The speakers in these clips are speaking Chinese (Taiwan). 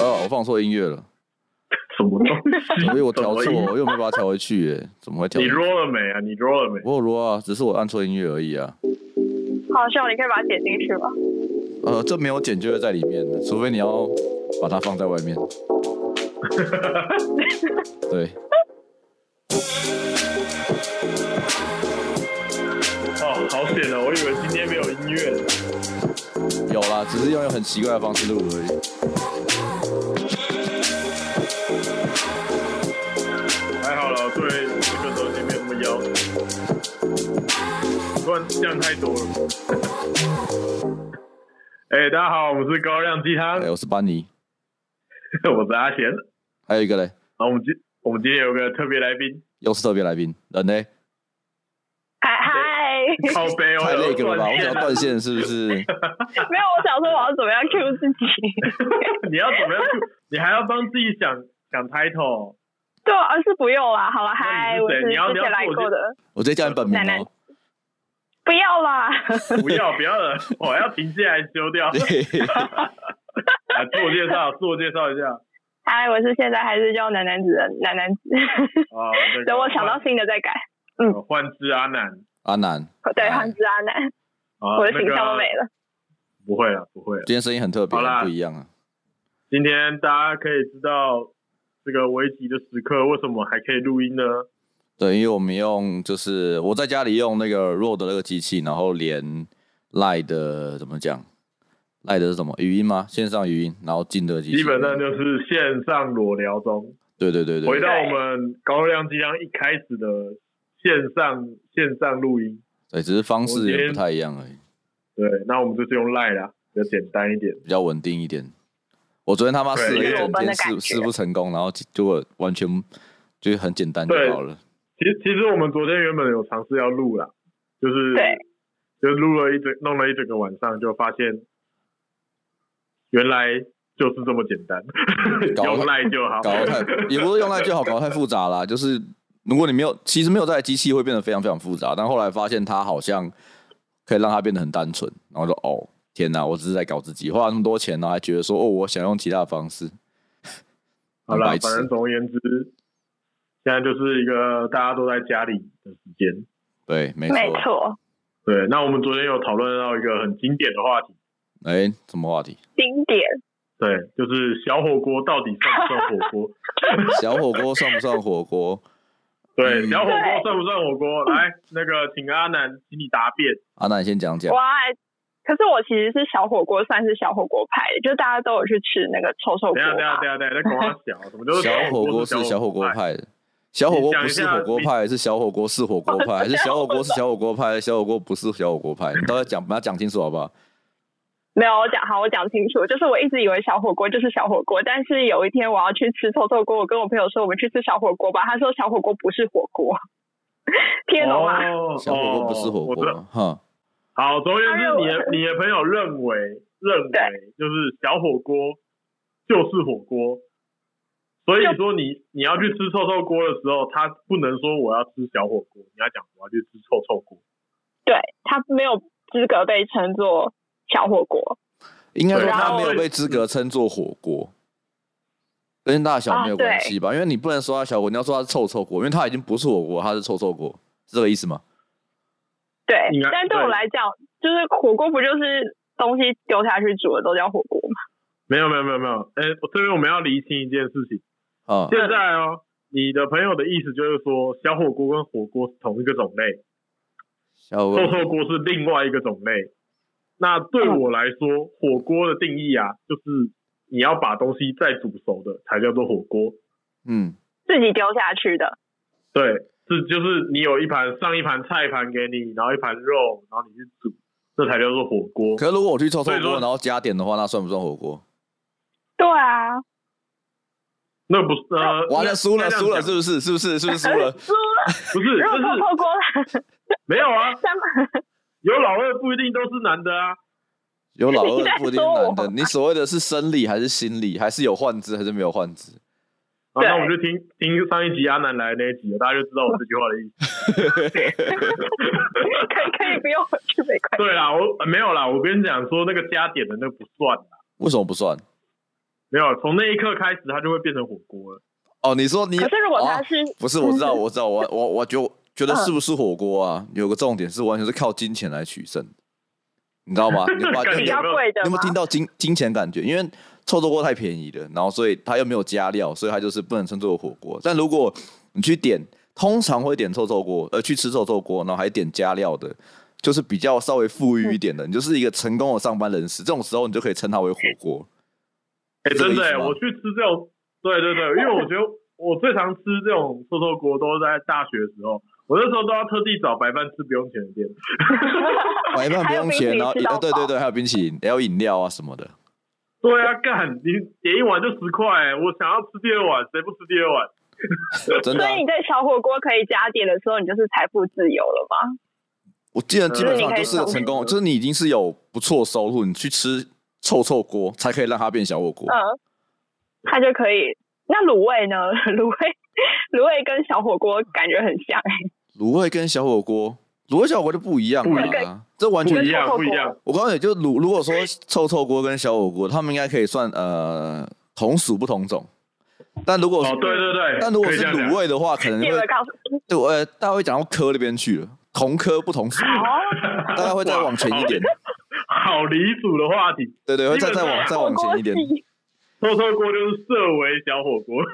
哦、啊，我放錯音樂了，什麼東西？所以我調錯，我又沒把它調回去、欸，怎麼會調？你 roll 了沒啊？你弱了沒？我 roll 啊，只是我按錯音樂而已啊。好笑，你可以把它剪進去嗎？呃，這沒有剪，就會在裡面，除非你要把它放在外面。 對。哦，好險啊、哦。我以為今天沒有音樂。有啦，只是用一個很奇怪的方式錄而已。這樣太多了。哎、 欸，大家好，我們是高亮雞湯。哎、hey,，我是班尼。 我是阿賢。還有一個嘞。啊，我們今我們今天有個特別來賓。又是特別來賓，人呢？嗨嗨，靠北，太、Lag、了吧？我想要斷線，是不是？ 沒有，我想說我要怎麼樣 Q 自己？ 你要怎麼樣？你還要幫自己講講 title？對而、啊、是不用啦，好了，嗨，我是，你要我是之前來過的。我直接叫你本名。奶奶不要，吧不，要不要了，不 要不要了，我要停下來修掉。 來自我介紹，自我介紹一下。嗨，我是現在還是叫楠楠子的楠楠子。哦、 uh, 那個，等我想到新的再改。換，嗯，幻肢阿喃，阿喃。對，幻肢阿喃。啊，阿喃、uh, 我的形象都沒了，那個。不會了，不會了。今天聲音很特別，不一樣啊。今天大家可以知道，這個危急的時刻為什麼還可以錄音呢？等於我們用就是我在家裡用那個 Road 的那個機器，然後連 LINE 的怎麼講，LINE 的是什麼語音嗎？線上語音，然後進的機器。基本上就是線上裸聊中。對對對對。回到我們高亮量劑一開始的線上線上錄音。對，只是方式也不太一樣而已。對，那我們就是用 LINE 啦，啊，比較簡單一點，比較穩定一點。我昨天他媽試了一整天試試不成功，然後就完全就很簡單就好了。其實其實我們昨天原本有嘗試要錄啦，就是對，就錄了一整弄了一整個晚上，就發現原來就是這麼簡單，搞、嗯、賴 就好，搞得太 也不是用賴就, 就好，搞得太複雜啦。 就是如果你沒有，其實沒有這台機器會變得非常非常複雜，但後來發現它好像可以讓它變得很單純，然後就哦天哪、啊，我只是在搞自己花了那麼多錢、啊，然後還覺得說哦，我想用其他的方式。好了，反正總而言之。現在就是一個大家都在家裡的時間，對，沒錯，對。那我們昨天有討論到一個很經典的話題，哎、欸，什麼話題？經典，對，就是小火鍋到底算不算火鍋？ 小火鍋算不算火鍋，嗯？對，小火鍋算不算火鍋？來，那個請阿喃，請你答辯。阿喃先講講。哇，可是我其實是小火鍋，算是小火鍋派的，就大家都有去吃那個臭臭鍋。對啊，對啊，對對小，小火鍋是小火鍋派的？小火鍋不是火鍋派，是小火鍋是火鍋派，還是小火鍋是小火鍋派，小火鍋不是小火鍋派。 你到底要講，把它講清楚好不好？沒有，我講好，我講清楚。就是我一直以為小火鍋就是小火鍋，但是有一天我要去吃臭臭鍋，我跟我朋友說我們去吃小火鍋吧，他說小火鍋不是火鍋， 聽懂嗎？哦哦、小火鍋不是火鍋，哈。好，昨天是你的、哎、你的朋友認為認為就是小火鍋就是火鍋。所以說你，你你要去吃臭臭鍋的時候，他不能說我要吃小火鍋，你要講我要去吃臭臭鍋。對，他沒有資格被稱作小火鍋，應該說他沒有被資格稱作火鍋、嗯。跟大小沒有關係吧、啊。因為你不能說他小火鍋，你要說他是臭臭鍋，因為他已經不是火鍋，他是臭臭鍋，是這個意思嗎？對。但對我來講，就是火鍋不就是東西丟下去煮的都叫火鍋嗎？沒有沒有沒有沒有，哎、欸，這邊我們要釐清一件事情。嗯、現在哦、喔，你的朋友的意思就是說，小火鍋跟火鍋是同一個種類，小火鍋臭臭鍋是另外一個種類。那對我來說，嗯、火鍋的定義啊，就是你要把東西再煮熟的才叫做火鍋。嗯，自己丟下去的。對，是就是你有一盤上一盤菜盤給你，然後一盤肉，然後你去煮，這才叫做火鍋。可是如果我去臭臭鍋然後加點的話，那算不算火鍋？對啊。那不是啊、呃，完了，輸了，輸了，是不是？是不是？是不是輸了？輸了， 不是，不是錯過了。沒有啊， 有老二不一定都是男的啊，有老二不一定男的。你，你所謂的是生理還是心理？還是有幻肢還是沒有幻肢、啊？那我們就聽聽上一集阿喃來那一集，大家就知道我這句話的意思。 可以，可以不用回去美國。對啦，我、呃、沒有啦，我跟你講說那個加點的那不算，為什麼不算？沒有，從那一刻開始，它就會變成火鍋了。哦，你說你是是、哦、不是，我知道我知道 我我我就覺、覺得是不是火鍋啊？有個重點是完全是靠金錢來取勝，你知道嗎？你有沒你有沒有聽到金金錢感覺？因為臭臭鍋太便宜了，然後所以它又沒有加料，所以它就是不能稱作火鍋、嗯。但如果你去點，通常會點臭臭鍋，而、呃、去吃臭臭鍋，然後還點加料的，就是比較稍微富裕一點的。嗯、你就是一個成功的上班人士，這種時候你就可以稱它為火鍋。嗯哎、欸，真的哎、欸這個，我去吃這種，對對對，因為我覺得我最常吃這種臭臭鍋，都是在大學的時候，我那時候都要特地找白飯吃，不用錢的店， 白飯不用錢，然後、啊，對對對，還有冰淇淋，還有飲料啊什麼的。對啊，幹，你點一碗就十塊、欸，我想要吃第二碗，誰不吃第二碗、 啊？所以你在小火鍋可以加點的時候，你就是財富自由了嗎？我記得基本上就是成功、嗯就是，就是你已經是有不錯的收入，你去吃。臭臭鍋才可以讓它變小火鍋，嗯，它就可以。那滷味呢？滷味滷味跟小火鍋感覺很像、欸。滷味跟小火鍋，滷味小火鍋就不一樣了、啊，不一這完全臭臭不一樣。我剛剛也就滷，如果說臭臭鍋跟小火鍋，他們應該可以算呃同屬不同種。但如果說，哦、對對對，但如果是滷味的話，可，講可能就會對，呃、欸，大概會講到科那邊去了，同科不同屬、啊，大家會再往前一點。 好離譜的話題，對對，對，再再往再往前一點，偷偷鍋就是色違小火鍋，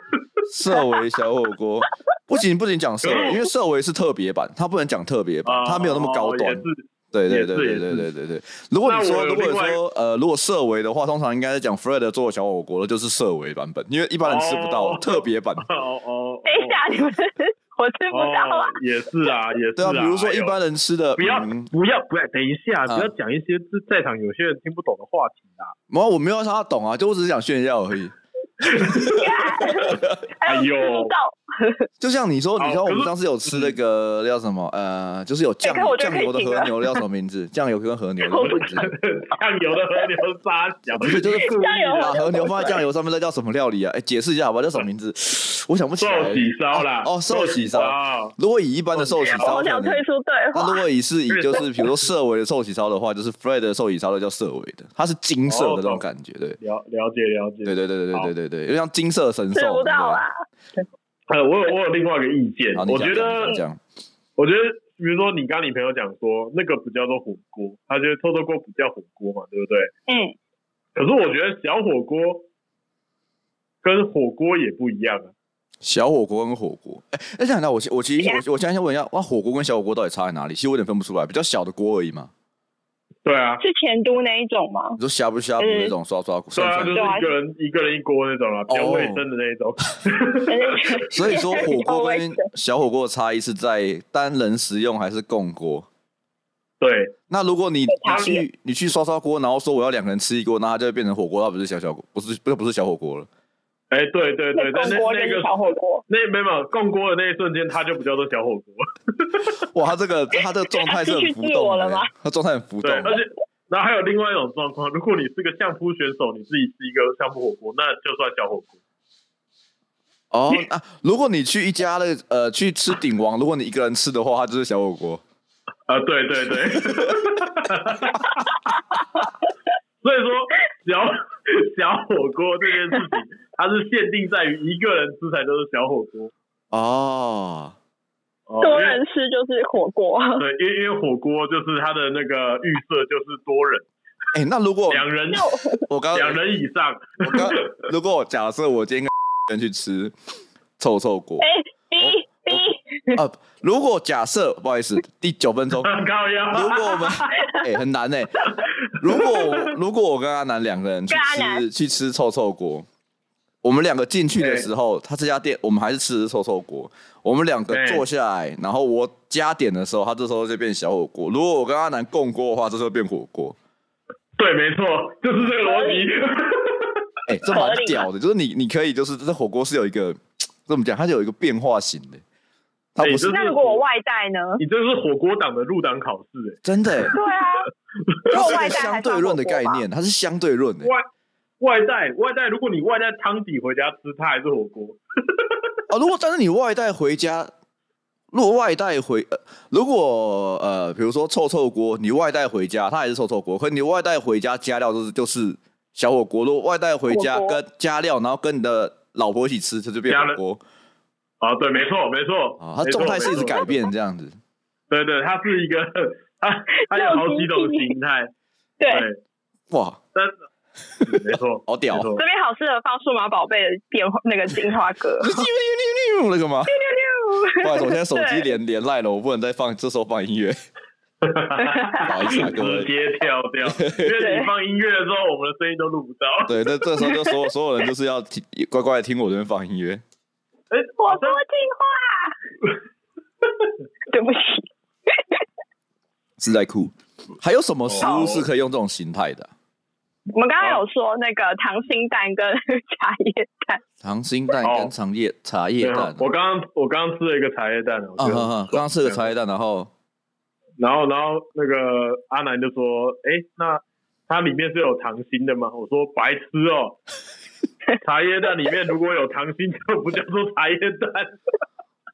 色 違小火鍋，不僅不僅講色違，因為色違是特別版，它不能講特別版可可，它沒有那麼高端。哦、對對對對對對，對，對，對也是也是，如果你說如果說呃，如果色違的話，通常應該是講 Fred 做小火鍋的就是色違版本，因為一般人吃不到、哦、特別版。哦哦，哦，哦，等一下你們。 我聽不到了、啊哦，也是啊，也是啊。對啊，比如說一般人吃的、哎嗯，不要，不要，不要。等一下，啊、不要講一些在場有些人聽不懂的話題啊。沒、哦、有，我沒有讓他懂啊，就我只是想炫耀而已。 yeah, 哎呦！就像你說，你知道我們上次有吃那個叫、嗯、什麼？呃，就是有醬油、醬、欸、油的和牛的叫什麼名字？醬 油跟和牛的名字？醬 油的和牛沙、啊，不是就是把和、啊、和牛放在醬油上面，那叫什麼料理啊？哎、欸，解釋一下好不好？叫什麼名字、啊？我想不起來、欸。壽喜燒啦、啊，哦，壽喜燒。如果以一般的壽喜燒，我想推出，想推出對話、啊啊。如果以是以就是比如說色違的壽喜燒的話， 就是 Fred 的壽喜燒，那叫色違的，它是金色的那種感覺，哦、對。了了解了解，對對對對對對對。對，對，有像金色神獸，吃不到、嗯、我有我有另外一個意見，啊、我覺得，我覺得，比如說你剛跟你朋友講說那個不叫做火鍋，他覺得臭臭鍋不叫火鍋嘛，對不對？嗯。可是我覺得小火鍋跟火鍋也不一樣、啊、小火鍋跟火鍋，哎，那這樣呢？我我其實我我，我現在想問一下，哇，火鍋跟小火鍋到底差在哪裡？其實我有點分不出來，比較小的鍋而已嘛。對啊，是前都那一種嗎？你說瞎不瞎不瑕那種涮涮鍋、嗯。對啊，就是一個人一個人一鍋那種啊，比較衛生的那種。Oh. 所以說，火鍋跟小火鍋的差異是在單人食用還是共鍋。對，那如果你你去你去涮涮鍋，然後說我要兩個人吃一鍋，那它就會變成火鍋，那不是小小鍋，不是不不是小火鍋了。哎、欸，對對對，在那那個小火鍋，那沒有沒有供鍋的那一瞬間，它就不叫做小火鍋。 哇，它這個它這個狀態是很浮動的，它、欸欸啊、狀態很浮動的。對，而且，然後還有另外一種狀況，如果你是個相撲選手，你自己是一個相撲火鍋，那就算小火鍋。哦，那、 啊、如果你去一家的呃去吃鼎王，如果你一個人吃的話，它就是小火鍋。啊，對對對。對 所以說，小小火鍋這件事情。 它是限定在於一個人吃才都是小火鍋哦，哦，多人吃就是火鍋。對，因因為火鍋就是它的那個預設就是多人。哎、 欸，那如果兩人，我剛兩人以上， 我剛如果我假設我今天跟人去吃臭臭鍋，哎、欸、一、欸欸、啊，如果假設不好意思，第九分鐘， 如果我們哎、 欸、很難哎、欸，如果如果我跟阿喃兩個人去吃去吃臭臭鍋。我們兩個進去的時候、欸，他這家店我們還是吃臭臭鍋。我們兩個坐下來、欸，然後我加點的時候，他這時候就變小火鍋。如果我跟阿南共鍋的話，這時候變火鍋。對，沒錯，就是這個邏輯。哎、嗯 欸，這蠻屌的，就是你，你可以，就是這火鍋是有一個這麼講，它是有一個變化型的，它不是。那如果我外帶呢？你這是火鍋黨的入黨考試哎、欸，真的、欸。對啊，外、就是個相對論的概念， 它是相對論的、欸。外帶外帶，如果你外帶湯底回家吃，它還是火鍋。啊， 哦，如果但是你外帶回家，如果外帶回，呃，如果呃，比如說臭臭鍋，你外帶回家，它還是臭臭鍋。可是你外帶回家加料就是就是小火鍋。如果外帶回家跟加料，然後跟你的老婆一起吃，它就變火鍋。啊，對，沒錯，沒錯啊，它狀態是一直改變這樣子。對，對對，它是一個，它它有好幾種形態。對，哇，真的。 沒錯，好屌，這邊好適合放數碼寶貝的變那個進化歌。六 六那個嗎？怪 六我現在手機連連賴了，我不能再放，這時候放音樂。不好意思，啊，哥直接跳掉 因為你放音樂的時候，我們的聲音都錄不到。對，那這時候就所有所有人就是要聽乖乖的聽我這邊放音樂。 欸，我這麼聽話。 對不起。是在哭？ 還有什麼食物是可以用這種形態的？我們剛剛有說那個糖心蛋跟茶葉蛋，糖心蛋跟茶葉 茶葉蛋。啊、我剛剛我剛剛吃了一個茶葉蛋，我、啊、剛剛吃了茶葉蛋，然後然後然後那個阿喃就說：“哎，那它裡面是有糖心的嗎？”我說：“白痴哦，茶葉蛋裡面如果有糖心，就不叫做茶葉蛋。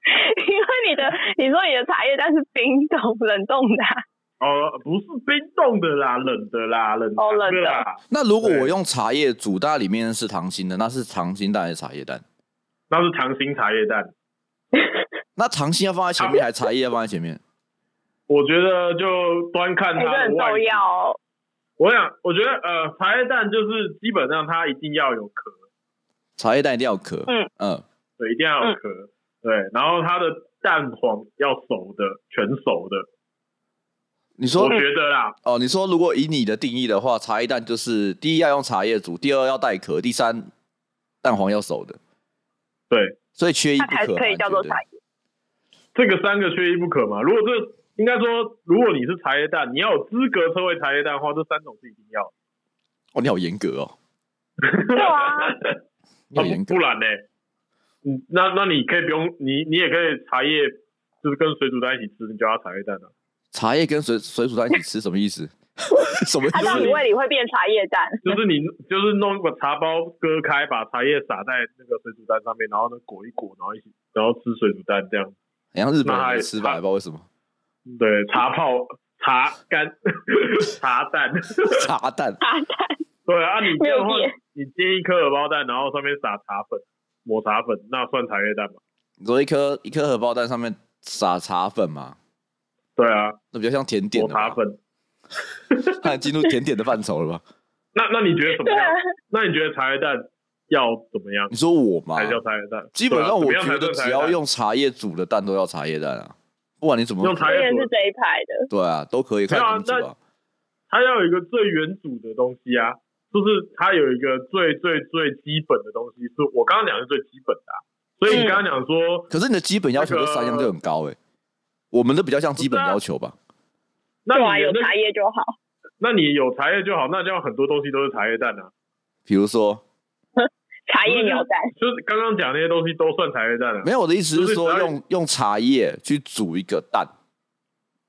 因為你的你說你的茶葉蛋是冰凍冷凍的、啊。”哦，不是冰凍的啦，冷的啦，冷的啦。好、Oh, 冷的。那如果我用茶葉煮蛋，那裡面是糖心的，那是糖心蛋還是茶葉蛋？那是糖心茶葉蛋。 那糖心要放在前面，啊、還是茶葉要放在前面？我覺得就端看它的。欸、真的很重要、哦。我想，我覺得，呃，茶葉蛋就是基本上它一定要有殼。茶葉蛋一定要殼。嗯嗯。對，一定要有殼、嗯。對，然後它的蛋黃要熟的，全熟的。你說，我覺得啦，哦，你說如果以你的定義的話，茶葉蛋就是第一要用茶葉煮，第二要帶殼，第三蛋黃要熟的。對，所以缺一不可，還可以叫做茶葉。這個三個缺一不可嘛？如果這應該說，如果你是茶葉蛋，你要有資格稱為茶葉蛋的話，這三種是一定要。哦，你好嚴格哦。有 啊，不然呢、欸？那那你可以不用你，你也可以茶葉就是跟水煮蛋一起吃，你叫它茶葉蛋、啊茶葉跟水水煮蛋，一起吃什麼意思？ 什麼意思？它、啊、讓你胃裡會變茶葉蛋？就是你就是弄個茶包割開，把茶葉撒在那個水煮蛋上面，然後呢裹一裹，然後一起然後吃水煮蛋這樣。好、欸、像日本人吃吧，不知道為什麼。對，茶泡茶乾茶蛋茶蛋茶蛋。對啊你，你這樣話，你煎一顆荷包蛋，然後上面撒茶粉抹茶粉，那算茶葉蛋嗎？你說一顆一顆荷包蛋上面撒茶粉嗎？對啊，那比較像甜點。的茶粉，看也進入甜點的範疇了吧？ 那那你覺得怎麼樣、啊？那你覺得茶葉蛋要怎麼樣？你說我嘛，還叫茶葉蛋、啊。基本上我覺得只要用茶葉煮，煮的蛋都要茶葉蛋啊，不管你怎麼，用茶葉是這一排的，對啊，都可以看。對啊，那它要有一個最元祖的東西啊，就是它有一個最最最，最基本的東西，是我剛剛講是最基本的、啊。所以你剛剛講說、嗯，可是你的基本要求這三樣就很高哎、欸。我們的比較像基本要求吧。啊、那你的、啊、有茶葉就好，那你有茶葉就好，那就要很多東西都是茶葉蛋呢、啊。比如說， 茶葉鳥蛋，就是剛剛講那些東西都算茶葉蛋了、啊。沒有，我的意思是說，就是、葉用用茶葉去煮一個蛋，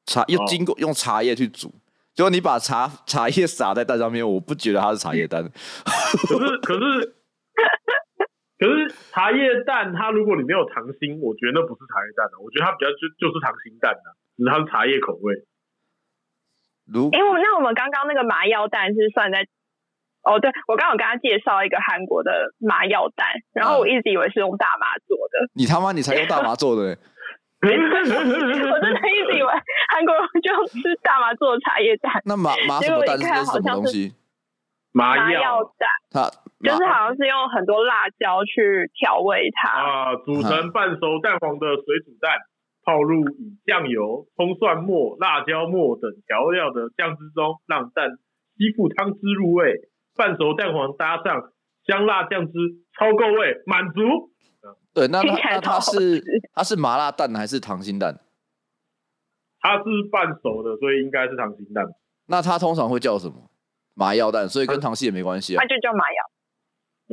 茶用經過用茶葉去煮，哦、就是你把茶茶葉撒在蛋上面，我不覺得它是茶葉蛋 可是。可是可是。 可是茶葉蛋，它如果裡面有糖心，我覺得那不是茶葉蛋的。我覺得它比較就就是糖心蛋的，只是它是茶葉口味。如，因、欸、為那我們剛剛那個麻藥蛋是算在……哦，對我剛剛有跟他介紹一個韓國的麻藥蛋，然後我一直以為是用大麻做的。啊、你他媽你才用大麻做的、欸！ 欸、 我真的一直以為韓國就吃大麻做的茶葉蛋。那麻麻藥蛋、就是就是什麼東西？麻藥蛋。它。就是好像是用很多辣椒去調味它啊，煮成半熟蛋黃的水煮蛋，泡入以醬油、蔥蒜末、辣椒末等調料的醬汁中，讓蛋吸附湯汁入味。半熟蛋黃搭上香辣醬汁，超夠味，滿足。對，那他那它是它是麻辣蛋還是溏心蛋？它是半熟的，所以應該是溏心，心蛋。那它通常會叫什麼？麻藥蛋，所以跟溏心也沒關係啊，它、嗯、就叫麻藥。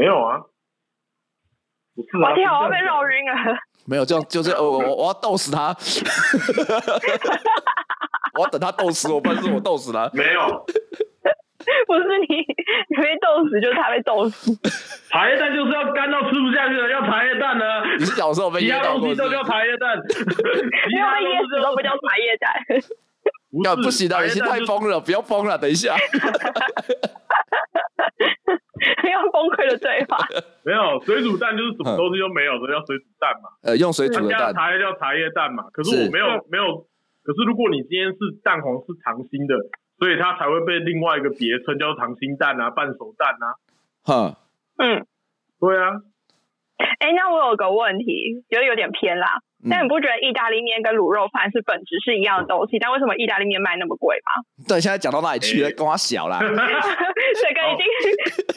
沒有啊，我跳、啊、我要被繞暈了。沒有，就就這樣就是我我我要逗死他。 我要等他逗死我，不然是我逗死他。沒有， 不是你，你被逗死就是他被逗死。茶葉蛋就是要乾到吃不下去了，要茶葉蛋呢。你是小時候被噎，是不是其他東西都叫茶葉蛋， 蛋，其他東西都叫，都不都不叫茶葉蛋。 不、啊，不行的，就是，已經太瘋了，不要瘋了，等一下，要 崩潰的對話， 沒有水煮蛋就是什麼東西都沒有的，叫水煮蛋嘛，呃，用水煮的蛋，家的茶葉叫茶葉蛋嘛，可是我沒有，沒有，可是如果你今天是蛋黃是溏心的，所以它才會被另外一個別稱叫溏心蛋啊，半熟蛋啊，哈，嗯，對啊。哎，那我有個問題，覺得有點偏啦、嗯。但你不覺得意大利麵跟滷肉飯是本質是一樣的東西？但為什麼意大利麵賣那麼貴嗎？對，現在講到哪裡去了？欸、跟我小了，這 水哥已經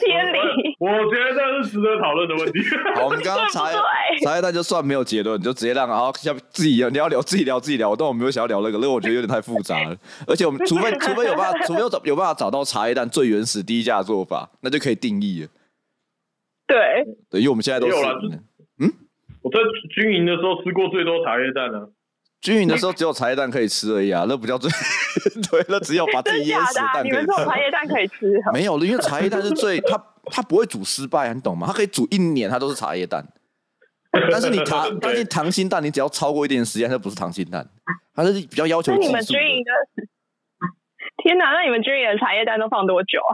偏離我我。我覺得這是值得討論的問題。好，我 們剛剛茶葉對對茶葉蛋就算沒有結論，你就直接這樣。然後下面自己你要聊，自己聊，自己聊。但我都沒有想要聊那、這個，因為我覺得有點太複雜了。 而且我們除非除非有辦法，除非有找有辦法找到茶葉蛋最原始低價做法，那就可以定義了。對，對，因為我們現在都是。嗯，我在軍營的時候吃過最多茶葉蛋呢。軍營的時候只有茶葉蛋可以吃而已啊，那不叫最。 對，那只有把自己淹死蛋可以這、啊。你們只茶葉蛋可以吃？ 沒有，因為茶葉蛋是最，它它不會煮失敗，你懂嗎？它可以煮一年，它都是茶葉蛋。 但是你糖， 但是糖心蛋，你只要超過一點時間，它不是糖心蛋，它是比較要求。你們軍營的。天哪，那你們軍營的茶葉蛋都放多久啊？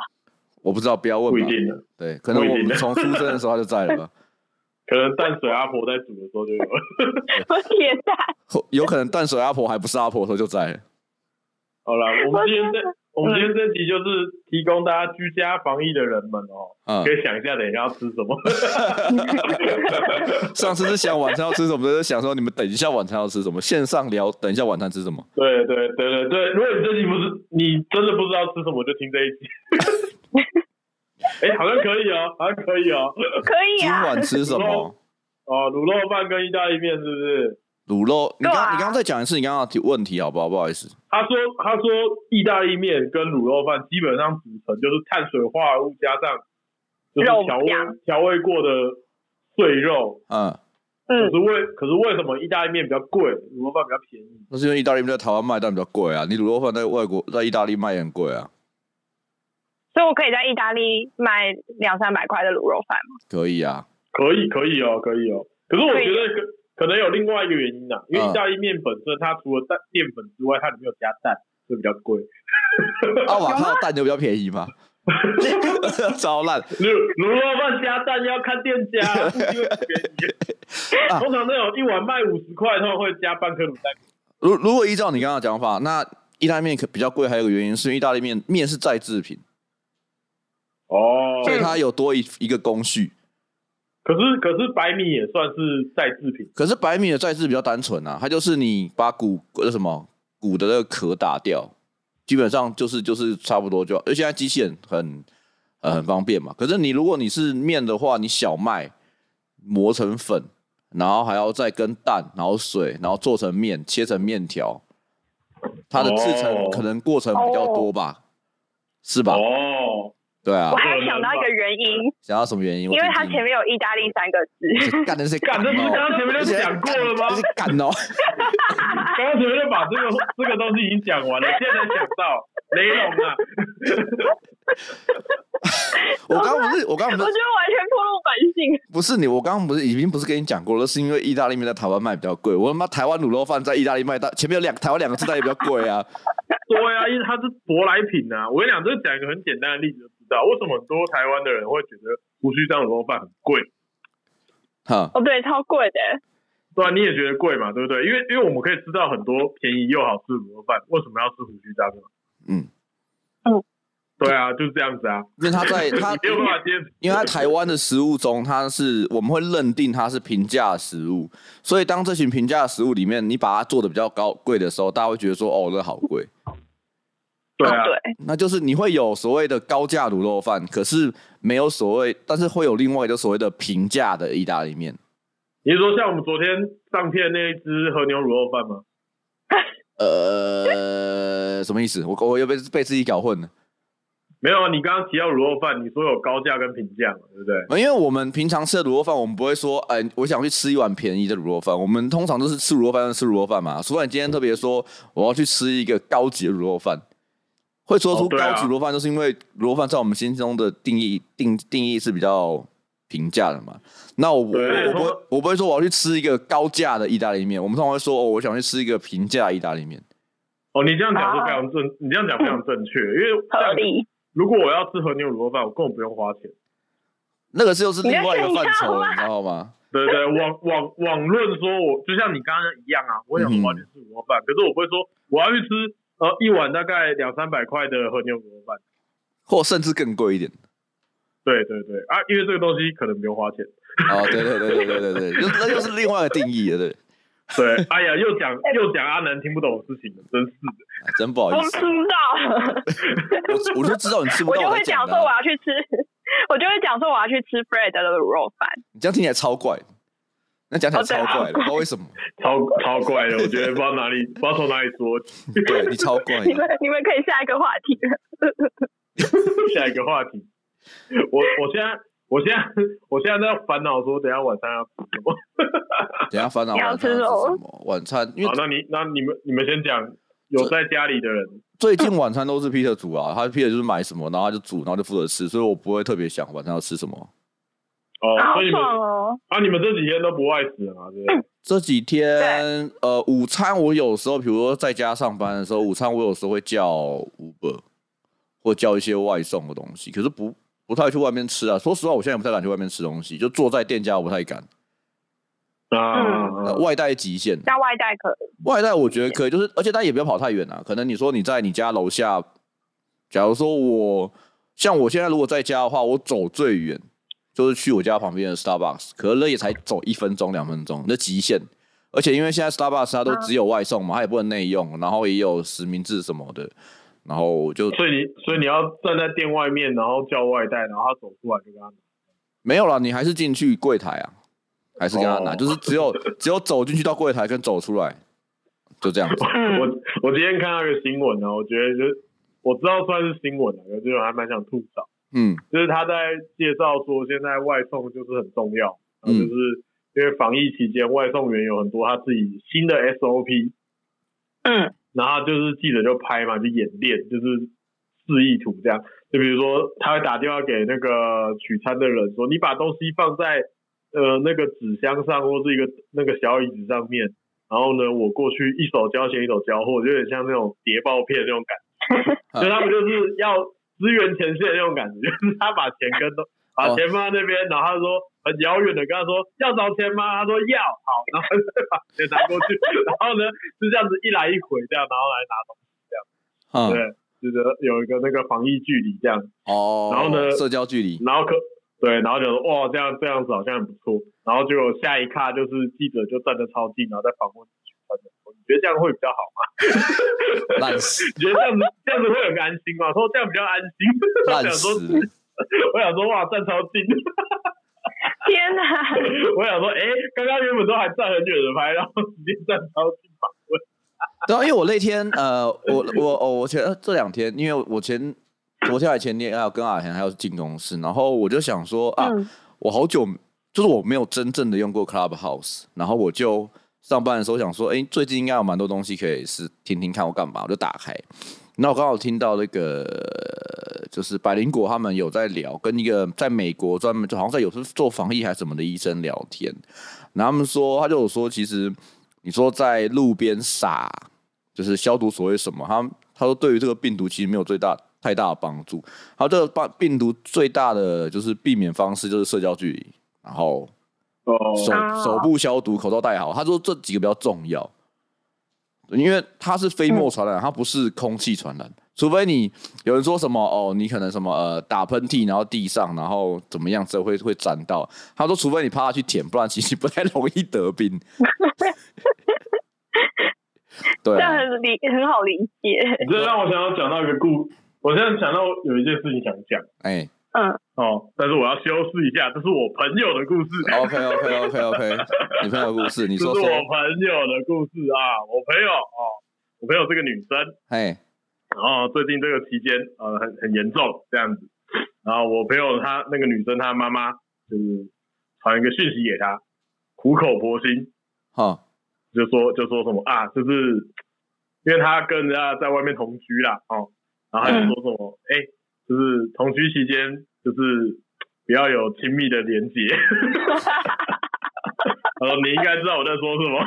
我不知道，不要問。不一定的，對，可能我們從出生的時候他就在了。吧？ 可能淡水阿婆在煮的時候就有了。不簡單。有可能淡水阿婆還不是阿婆，的時候就在。了。 好了，我們今天這， 我們今天這集就是提供大家居家防疫的人們哦、喔嗯。可以想一下，等一下要吃什麼？ 上次是想晚餐要吃什麼，就是想說你們等一下晚餐要吃什麼？線上聊，等一下晚餐吃什麼？對對對對對，如果你這集不是你真的不知道吃什麼，就聽這一集。 哎、 欸，好像可以哦、喔，好像可以哦、喔，可以、啊。今晚吃什麼？哦，滷、呃、肉飯跟意大利麵是不是？滷肉，你剛、啊、你剛剛再講一次，你剛剛的問題好不好？不好意思。他說他說，意大利麵跟滷肉飯基本上組成就是碳水化合物加上，就是調味調味過的碎肉，嗯，可是為可是為什麼意大利麵比較貴，滷肉飯比較便宜？那、嗯、是因為意大利麵在台灣賣但比較貴啊，你滷肉飯在外國在意大利賣也很貴啊。所以，我可以在意大利買兩三百塊的滷肉飯嗎？可以啊，可以，可以哦，可以哦。可是我覺得可可,可能有另外一個原因啊，因為意大利面本身，它除了蛋澱粉之外，它裡面有加蛋，會比較貴。奧瓦康的蛋就比較便宜嗎？超爛滷滷肉飯加蛋要看店家， 啊、通常都有一碗賣五十塊的話，會加半顆滷蛋。如果如果依照你剛剛的講法，那意大利面可比較貴，還有一個原因是因為意大利面面是再制品。哦、oh，所以它有多一一個工序。可是，可是白米也算是再製品。可是白米的再製比較單純啊，它就是你把穀，那什麼穀的那個殼打掉，基本上就是就是差不多就。而且現在機械很、呃、很方便嘛。可是你如果你是麵的話，你小麥磨成粉，然後還要再跟蛋，然後水，然後做成麵，切成麵條，它的製程可能過程比較多吧，oh. Oh. 是吧？哦、oh. 對啊，我還想到一個原因，想到什麼原因？因為它前面有意大利三個字，幹的是幹的、喔，是不剛剛前面都是講過了嗎？就是幹哦、喔，剛剛前面就把這個 這個東西已經講完了，現在才講到雷龍啊！ 我剛剛不是，我剛剛不是，我覺得完全暴露本性，不是你，我剛剛不是已經不是跟你講過了？是因為意大利面在台灣賣比較貴，我他媽台灣滷肉飯在意大利賣到前面有兩台灣兩個字大也比較貴啊！ 對啊，因為它是舶來品啊！我跟你講，這個講一個很簡單的例子。啊，為什麼很多台灣的人會覺得鬍鬚張的滷飯很貴？哈，哦，對，超貴的。對啊，你也覺得貴嘛，對不對？因為，因為我們可以吃到很多便宜又好吃的滷飯，為什麼要吃鬍鬚張？嗯，對啊，就是這樣子啊。因為他在他 因，因為他台灣的食物中，它是我們會認定他是平價食物，所以當這群平價食物裡面你把它做的比較高貴的時候，大家會覺得說，哦，這好貴。對啊，那就是你會有所謂的高價滷肉飯，可是沒有所謂，但是會有另外一個所謂的平價的意大利麵。你是說像我們昨天上片那一只和牛滷肉飯嗎？呃， 什麼意思？我我又被被自己搞混了。沒有啊，你剛剛提到滷肉飯，你說有高價跟平價，對不對？嗯，因為我們平常吃的滷肉飯，我們不會說，哎、欸，我想去吃一碗便宜的滷肉飯。我們通常都是吃滷肉飯就吃滷肉飯嘛。除非你今天特別說，我要去吃一個高級的滷肉飯。會說出高級羅飯，就是因為羅飯在我們心中的定義定定義是比較平價的嘛。那我我我不會，我不會說我要去吃一個高價的意大利麵，我們通常會說哦，我想去吃一個平價意大利麵。哦，你這樣講是非常正，啊，你這樣講非常正確，嗯，因為如果我要吃和牛羅飯，我根本不用花錢。那個是又是另外一個範疇，啊，你知道好嗎？對對，對，網網網論說我就像你剛剛一樣啊，我想花錢吃羅飯，可是我不會說我要去吃。呃，一碗大概兩三百塊的和牛滷肉飯，或甚至更貴一點。對對對，啊，因為這個東西可能不用花錢。哦對對對對對對 又那又是另外的定義了，對。對，哎呀，又講 又講，阿喃聽不懂的事情了，真是的、啊，真不好意思。我知道， 我就知道你吃不到我，啊，我就會講說我要去吃，我就會講說我要去吃 Fred 的滷肉飯。你這樣聽起來超怪。那講起來超怪的，不知道為什麼，超超怪的，我覺得不知道哪裡， 不知道從哪裡說，對，你超怪的。你們你們可以下一個話題 下一個話題。我我現在我現在我現在在煩惱說，等下晚餐要吃什麼？等下煩惱晚餐吃什麼？晚餐好、啊，那你那你們你們先講，有在家裡的人，最近晚餐都是 Peter 煮啊，他 Peter 就是買什麼，然後他就煮，然後就負責吃，所以我不會特別想晚餐要吃什麼。哦，所以你們啊，你們這幾天都不外食嗎？啊嗯？這幾天，呃，午餐我有時候，比如說在家上班的時候，午餐我有時候會叫 Uber 或叫一些外送的東西，可是不不太去外面吃啊。說實話，我現在也不太敢去外面吃東西，就坐在店家，我不太敢啊，嗯嗯呃。外帶極限，那外帶可以，外帶我覺得可以，就是而且大家也不要跑太遠啊。可能你說你在你家樓下，假如說我像我現在如果在家的話，我走最遠。就是去我家旁邊的 Starbucks，可能也才走一分鐘、兩分鐘，那極限。而且因為現在 Starbucks 它都只有外送嘛，啊、它也不能內用，然後,也有實名制什麼的，然後就所以你所以你要站在店外面，然後叫外帶，然後他走出來跟他拿。沒有啦，你還是進去櫃檯啊，還是跟他拿，哦、就是只有 只有走進去到櫃檯跟走出來，就這樣子。我我今天看到一個新聞啊，我覺得就是我知道算是新聞了、啊，有這種還蠻想吐槽。嗯，就是他在介紹說，現在外送就是很重要，然後就是因為防疫期間，外送員有很多他自己新的 SOP。嗯，然後就是記者就拍嘛，就演練，就是示意圖這樣。就比如說，他會打電話給那個取餐的人，說你把東西放在呃那個紙箱上，或是一個那個小椅子上面。然後呢，我過去一手交錢一手交貨，就有點像那種諜報片那種感覺。 所以他們就是要。支援前線的那種感覺，就是、他把錢跟都把錢放在那邊，oh. 然後他說很遙遠的跟他說要找錢嗎？他說要，好，然後再把錢拿過去， 然後呢是這樣子一來一回這樣，然後來拿東西這樣，嗯、對，就是有一個那個防疫距離這樣，哦、oh.，然後呢社交距離，然後可對，然後就說哇這樣這樣子好像很不錯，然後就下一卡就是記者就站得超近，然後再訪問記覺得這樣會比較好嗎？爛死！你覺得這樣子這樣子會很安心嗎？ 說這樣比較安心。爛 死 想說！ 我想說，哇，站超近！ 天哪！我想說，哎、欸，剛剛原本都還站很遠的拍，然後直接站超近訪問。然 後、啊，因為我那天呃，我我我前、呃、我覺得我前這兩天，因為我前我跳海前天 還有跟阿賢還有進公司，然後我就想說啊、嗯，我好久就是我沒有真正的用過 Clubhouse，然後我就。上班的時候想說，誒、欸，最近應該有蠻多東西可以是聽聽看我幹嘛，我就打開。那我剛好聽到那、這個，就是百靈果他們有在聊，跟一個在美國專門就好像在有時候做防疫還是什麼的醫生聊天。然後他們說，他就有說，其實你說在路邊撒就是消毒，所謂什麼，他他說對於這個病毒其實沒有最大太大的幫助。他這個把病毒最大的就是避免方式就是社交距離，然後。Oh. 手手部消毒，口罩戴好。他說這幾個比較重要，因為它是飛沫傳染、嗯，它不是空氣傳染。除非你有人說什麼哦，你可能什麼呃打噴嚏，然後地上，然後怎麼樣，這會會沾到。他說，除非你趴下去舔，不然其實不太容易得病。 對、啊，這樣很理很好理解。這讓我想要講到一個故，我現在想到有一件事情想講，哎。嗯，哦，但是我要修飾一下，這是我朋友的故事。OK OK OK OK， 你朋友故事，你說這、就是我朋友的故事啊，我朋友哦，我朋友是個女生，嘿、hey.，然後最近這個期間，呃，很很嚴重這樣子，然後我朋友她那個女生她媽媽就是傳一個訊息給她，苦口婆心，好、huh.，就說就說什麼啊，就是因為她跟人家在外面同居啦，哦、嗯，然後他就說什麼，哎、嗯。欸就是同居期間，就是比較有親密的連接。呃，你應該知道我在說什麼。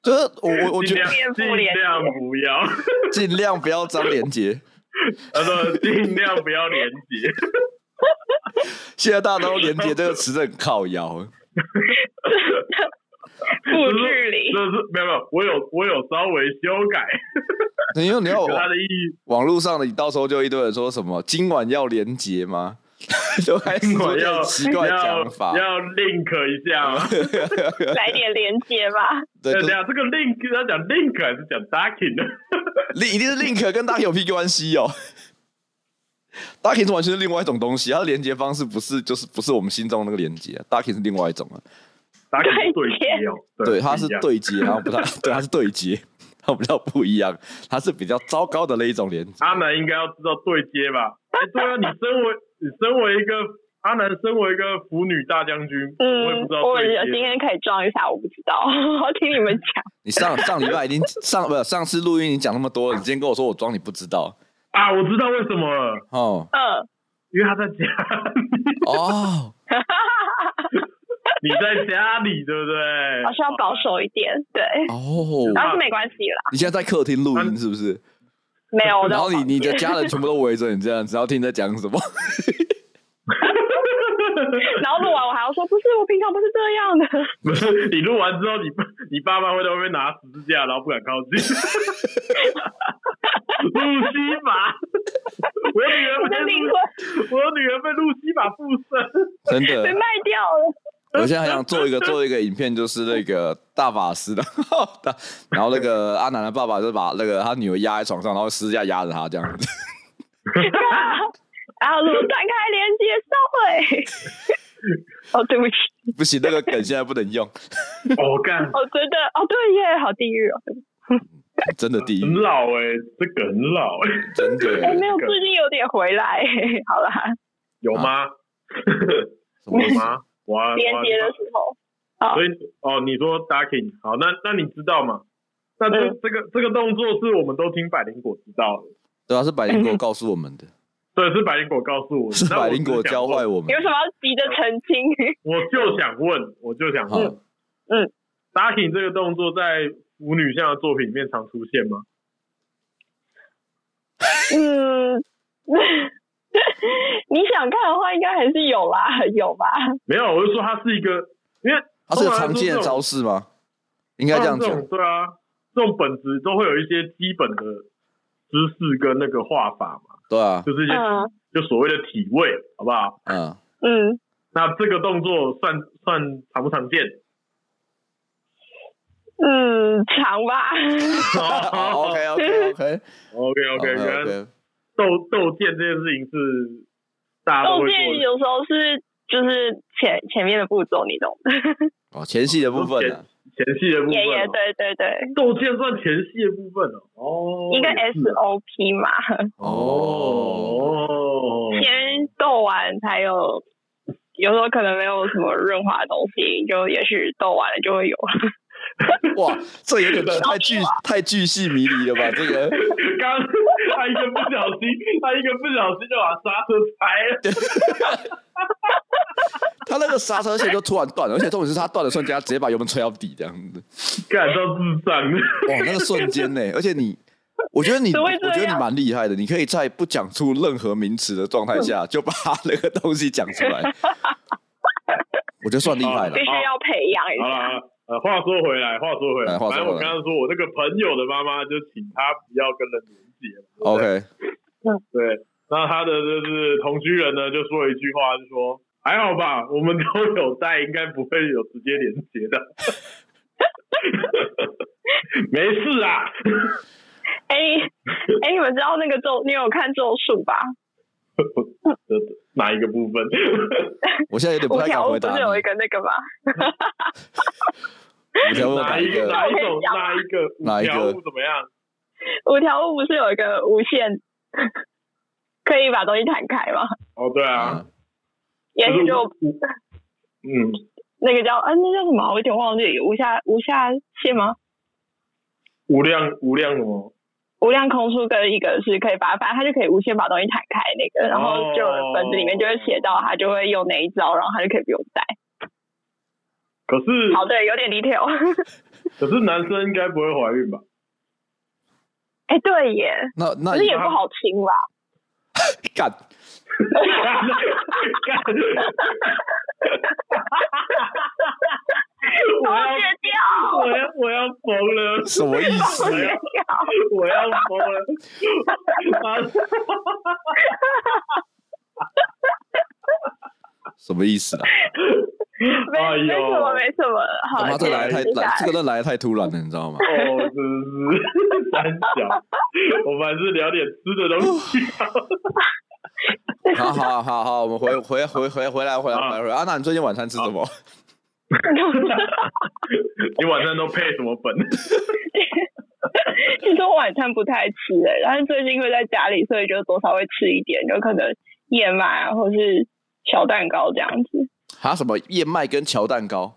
就是我我我覺得盡量，盡量不要， 盡量不要張連接，呃，盡量不要連接。現在大家都連接這個詞真的很靠腰。 不是，這是沒有沒有，我有我有稍微修改。 網你網絡上的到時候就一堆人說什麼今晚要連接嗎？就今晚要 奇怪講法要，要 link 一下嗎， 來點連接吧。對，講、就是、這個 link，要講 link 還是講 ducking？link 一定是 link，跟 d 有屁關係哦。d k 是完全是另外一種東西，它的連接方式不是就是不是我們心中那個連接，d u k 是另外一種啊。打開對接，喔對，對，他是對接，然後不太 對，他是對接，他比較不一樣，他是比較糟糕的那一種連阿南應該要知道對接吧？哎、 欸，對啊，你身為你身為一個阿南，身為一個腐女大將軍，嗯，我也不知道，我今天可以裝一下，我不知道，我聽你們講。 你上上禮拜已經上不上次錄音，你講那麼多了， 你今天跟我說我裝你不知道啊？我知道為什麼了哦，嗯，因為他在講哦。 oh. 你在家裡對不對？還是要保守一點，oh. 對。哦，那是沒關係啦。你現在在客廳錄音是不是？沒、啊、有，然後你你的家人全部都圍着你，這樣只要聽你在講什麼。 然後錄完我還要說，不是我平常不是這樣的。不是，你錄完之後你，你爸你爸媽會在外面拿十字架，然後不敢靠近。路 西法馬， 我的女兒被靈魂，我的女兒被路西法附身，真的被賣掉了。我現在很想做一個 做一個影片，就是那個大法師的，然後那個阿喃的爸爸就把那個他女兒壓在床上，然後私下壓着她這樣子。阿魯斷開連接、欸，收尾。哦，對不起，不行，那個梗現在不能用。 oh, 我幹，我真的，哦，對耶，好地獄哦 真的地獄、欸這個欸，真的、欸，地很老哎，這個梗很老哎，真的。沒有，最近有點回來， 好啦。有嗎？啊、 什麼嗎？連接的,的時候，所以、oh. 哦，你說 ducking，好，那那你知道嗎？那這、欸、這個這個動作是我們都聽百靈果知道的，對、啊、是百靈果告訴我們的， 對，是百靈果告訴我的，是百靈果教壞我們我。有什麼要急的澄清？澄清 我就想問，我就想問，嗯，ducking 這個動作在舞女像的作品裡面常出現嗎？嗯。 你想看的話，應該還是有啦，有吧？沒有，我就說它是一個，因為它是，它是一個常見的招式嗎？應該這樣講。對啊，這種本子都會有一些基本的姿勢跟那個畫法嘛。對啊，就是一些、嗯、就所謂的體位，好不好？嗯嗯。那這個動作算算常不常見？嗯，常吧。好、 哦、okay, okay, okay. ，OK OK OK OK OK OK。鬥鬥劍這件事情是大，鬥劍有時候是就是前前面的步驟，你懂哦？前戲的部分、啊哦，前前戲的部分、啊，也也對對對，鬥劍算前戲的部分哦、啊。哦，一個 SOP 嘛。哦、啊、哦，先鬥完才有，有時候可能沒有什麼潤滑的東西，就也是鬥完了就會有。哇，這有點太巨、啊、太巨細靡遺了吧？這個剛。剛他一個不小心，他一個不小心就把剎車踩了。 他那個剎車線就突然斷了，而且重點是他斷的瞬間，他直接把油門吹到底，這樣子，感到智障。哇，那個瞬間呢？而且你，我覺得你，我覺得你蠻厲害的，你可以在不講出任何名詞的狀態下，就把那個東西講出來。 我覺得算厲害了，必須要培養一下。好了，呃，話說回來，話說回來，話說回來，反正我剛剛說我那個朋友的媽媽就請他不要跟人。對 O.K.，對，那他的就是同居人呢，就說一句話，就說還好吧，我們都有帶，應該不會有直接連接的。 沒事啊。哎、欸，哎、欸，你們知道那個咒？你有看咒術吧？ 哪一個部分？我現在有點不太敢回答。不是有一個那個嗎？ 哪一個？哪一個？哪一,一個？哪一個？怎麼樣？五條悟不是有一個無限， 可以把東西彈開嗎？哦，對啊，也許就是是嗯， 那個叫哎、啊，那叫什麼？我有點忘記。無下無下限嗎？無量無量什麼？無量空處跟一個是可以把，反正他就可以無限把東西彈開那個，哦、然後就本子裡面就會寫到他就會用那一招，然後他就可以不用帶。可是好對，有點離題。可是男生應該不會懷孕吧？ 哎、欸，對耶，那那也不好聽啦。幹 幹！ 我要我要我要瘋了，什麼意思？ 我要瘋了！哈哈哈哈哈哈哈哈哈哈哈哈！什麼意思？ 逢 麼意思啊？沒沒什麼，沒什麼。他媽、喔、這來得太來，這個這來得太突然了，你知道嗎？哦，是。 我們還是聊點吃的東西、啊。 好好好好，我們回回回回來回來回來回來。阿、啊、喃，啊、你最近晚餐吃什麼？啊、 你晚餐都配什麼粉？ 其實我晚餐不太吃誒、欸，但是最近因為在家裡，所以就多少會吃一點，就可能燕麥啊，或是小蛋糕這樣子。還有什麼燕麥跟小蛋糕？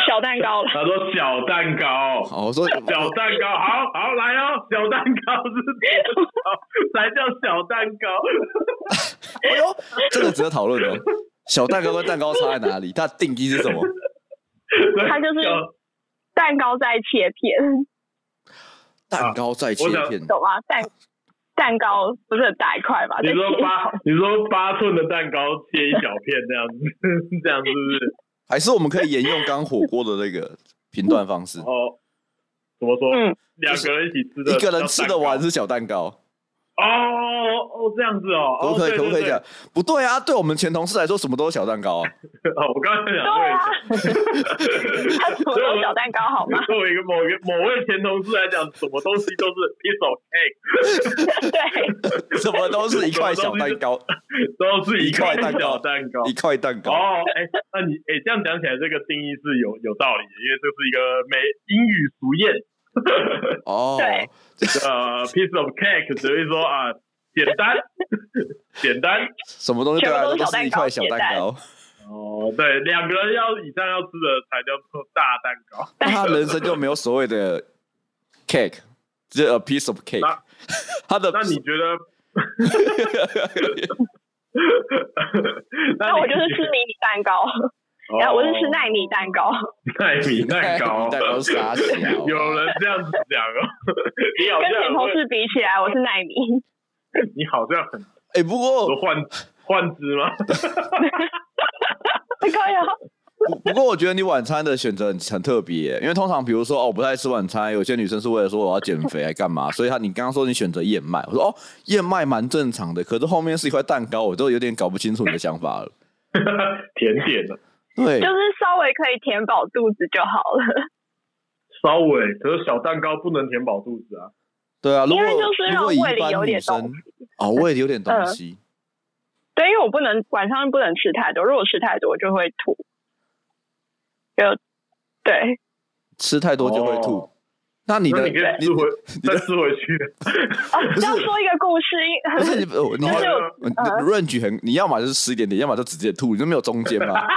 小蛋糕了，他說小蛋糕。好，我說小蛋糕。 好好來哦，小蛋糕是才叫小蛋糕， 哎呦，這個值得討論哦，小蛋糕跟蛋糕差在哪裡？它的定義是什麼？它就是蛋糕再切片，蛋糕再切片，懂嗎、啊？蛋蛋糕不是很大一塊吧在？你說八，你說八寸的蛋糕切一小片，這樣子， 這樣是不是？還是我們可以沿用剛剛火鍋的那個評斷方式 哦。怎麼說？兩、嗯、個人一起吃的，的、就是。一個人吃的完是小蛋糕。哦哦，這樣子哦，可不可以、哦對對對，可不可以講？不對啊，對我們前同事來說，什麼都是小蛋糕啊！我剛剛在講，他所有小蛋糕好嗎？作為一個某個某位前同事來講，什麼東西都是一手 cake，對，什麼都是一塊小蛋糕，都是一塊蛋糕，蛋糕，蛋糕，一塊蛋糕。哦，哎，那你哎，這樣講起來，這個定義是有有道理的，因為這是一個美英語俗諺。哦，這個 piece of cake 只會說啊，uh, 簡單，簡單，什麼東西都來、啊、都是一塊小蛋糕。哦，oh, 對，兩個人要以上要吃的才叫做大蛋糕。但他人生就沒有所謂的 cake，只是 a piece of cake。他的 那你覺得？ 那我就是吃迷你蛋糕，oh. 然後我是吃奈米蛋糕。比耐比耐耐耐， 有人這樣子講哦， 你好跟前同事比起來，我是耐 你好像很……哎、欸，不過換換子嗎？可以啊。不過我覺得你晚餐的選擇很，很特別，因為通常比如說哦，我不太吃晚餐，有些女生是為了說我要減肥還幹嘛，所以她你剛剛說你選擇燕麥，我說哦燕麥蠻正常的，可是後面是一塊蛋糕，我都有點搞不清楚你的想法了。 甜點對，就是稍微可以填飽肚子就好了。稍微，可是小蛋糕不能填飽肚子啊。對啊，因為就是因為胃裡有點東西。嗯、哦，胃裡有點東西、呃。對，因為我不能晚上不能吃太多，如果吃太多就會吐。就，對，吃太多就會吐。哦、那你的你會再吃回去？哦、啊，這樣 說一個故事，你，就是你好你，a 你，g 你，哦就是嗯 uh, range 很，你要麼就是吃一點點，要麼就直接吐，你就沒有中間嗎？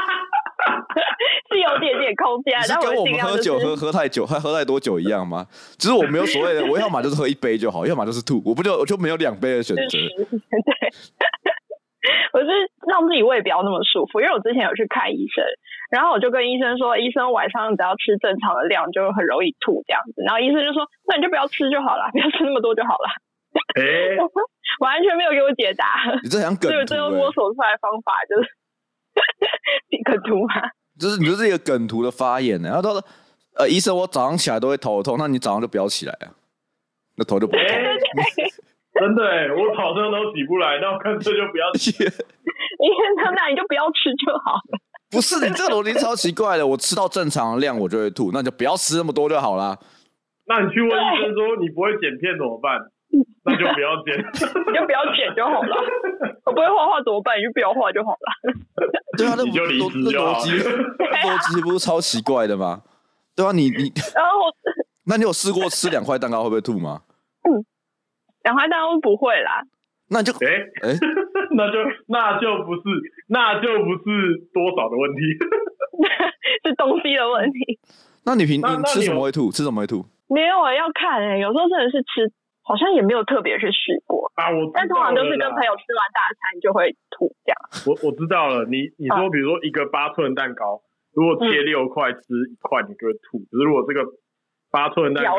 是有點點空間， 但的就是、是跟我們喝酒喝喝太久，還喝太多酒一樣嗎？只是我沒有所謂的， 我要嘛就是喝一杯就好， 要麼就是吐，我不就我就沒有兩杯的選擇。對，我是讓自己胃不要那麼舒服，因為我之前有去看醫生，然後我就跟醫生說，醫生晚上只要吃正常的量就很容易吐這樣子，然後醫生就說，那你就不要吃就好了，不要吃那麼多就好了、欸。我完全沒有給我解答，你這想梗圖、欸，所以我摸索出來的方法就是梗圖嘛。 就是你就是一個梗圖的發言呢、欸，然後他說：“呃，醫生，我早上起來都會頭痛，那你早上就不要起來啊，那頭就不痛。欸” 真的、欸，我早上都起不來，那乾脆就不要吃。他們倆你就不要吃就好了。不是你這個邏輯超奇怪的，我吃到正常的量我就會吐，那你就不要吃那麼多就好了。那你去問醫生說你不會剪片怎麼辦？對 那就不要剪， 你 就不要剪就好了、啊。 我不會畫畫怎麼辦？你就不要畫就好了、啊。 好 對啊，你就離職啊？邏輯不是超奇怪的嗎？對啊你，你你，然、啊、後， 那你有試過吃兩塊蛋糕會不會吐嗎？兩、嗯、塊蛋糕不會，不會啦。 那，就欸欸、 那就，哎哎，那就那就不是那就不是多少的問題， 是東西的問題。 那你平、你吃什麼會吐？吃什麼會吐？沒有、欸，我要看哎、欸，有時候真的是吃。好像也沒有特別去試過啊，我但通常都是跟朋友吃完大餐就會吐掉。我我知道了，你你說比如說一個八寸蛋糕，啊，如果切六塊、嗯、吃一塊，你就會吐。只是如果這個八寸蛋糕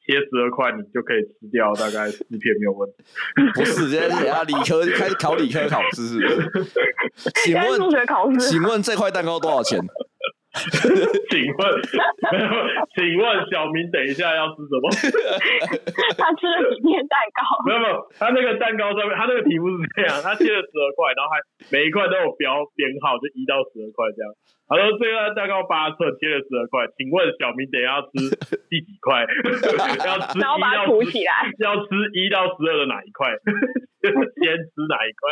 切十二塊，你就可以吃掉大概四片沒有問題。不是，今天是啊，理科 開始考理科考試是，是 數考？請問數學考試？請問這塊蛋糕多少錢？ 請問， 請問小明等一下要吃什麼？ 他吃了幾片蛋糕？ 沒有，沒有，他那個蛋糕上面，他那個題目是這樣：他切了十二塊，然後還每一塊都有標編號，就一到十二塊這樣。他說這個蛋糕八寸，切了十二塊。請問小明等一下要吃第幾塊？要吃？然後把它塗起來。要吃一 要吃到十二 的哪一塊？ 先吃哪一塊？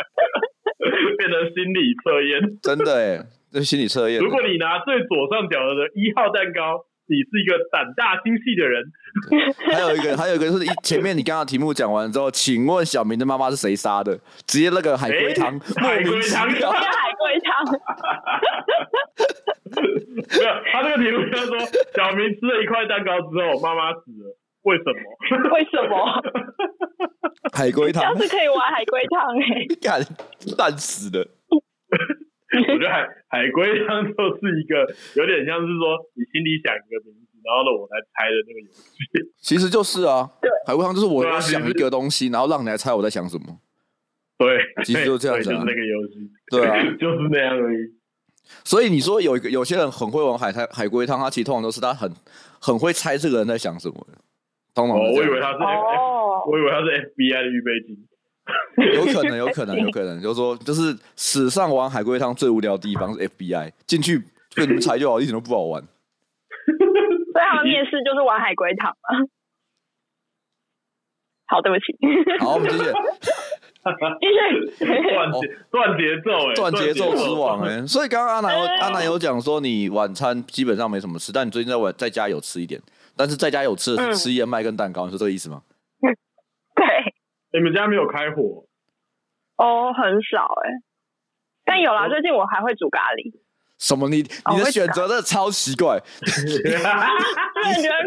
變成心理測驗。真的哎、欸。對，心理測驗，如果你拿最左上角的一號蛋糕，你是一個膽大心細的人。 還有一個，還有一個、就是一前面你剛剛題目講完之後，請問小明的媽媽是誰殺的？直接那個海龜、欸、湯，海龜湯，直接海龜湯。沒有，他這個題目就是說小明吃了一塊蛋糕之後，媽媽死了，為什麼？ 為什麼？海龜湯，要是可以玩海龜湯、欸，哎，幹，蛋死的。 我覺得海海龜湯就是一個有點像是說，你心裡想一個名字，然後呢，我來猜的那個遊戲，其實就是啊，對，海龜湯就是我要、啊、想一個東西，然後讓你來猜我在想什麼。對，其實就是這樣子、啊就是、那個遊戲，對啊，就是那樣而已。 所以你說有一個有些人很會玩海海海龜湯，他其實通常都是他很很會猜這個人在想什麼的。懂常的、哦、我以為他是 F、哦、我以為他是 FBI 的預備軍。 有可能，有可能，有可能，就是說，就是史上玩海龜湯最無聊的地方是 FBI，進去跟你們猜就好，一點都不好玩。 所以他們面試就是玩海龜湯。 好，對不起好。好、欸，我們繼續。繼續。斷節，斷節奏，哎，斷節奏之王，哎。所以剛剛阿喃有，阿 喃有講說，你晚餐基本上沒什麼吃，但你最近在晚在家有吃一點，但是在家有吃的是吃燕麥跟蛋糕， 是這個意思嗎？ 對。欸、你們家沒有開火？哦，很少哎、欸，但有啦、嗯，最近我還會煮咖喱。什麼？你、哦、你的選擇真的超奇怪。哦、 對，你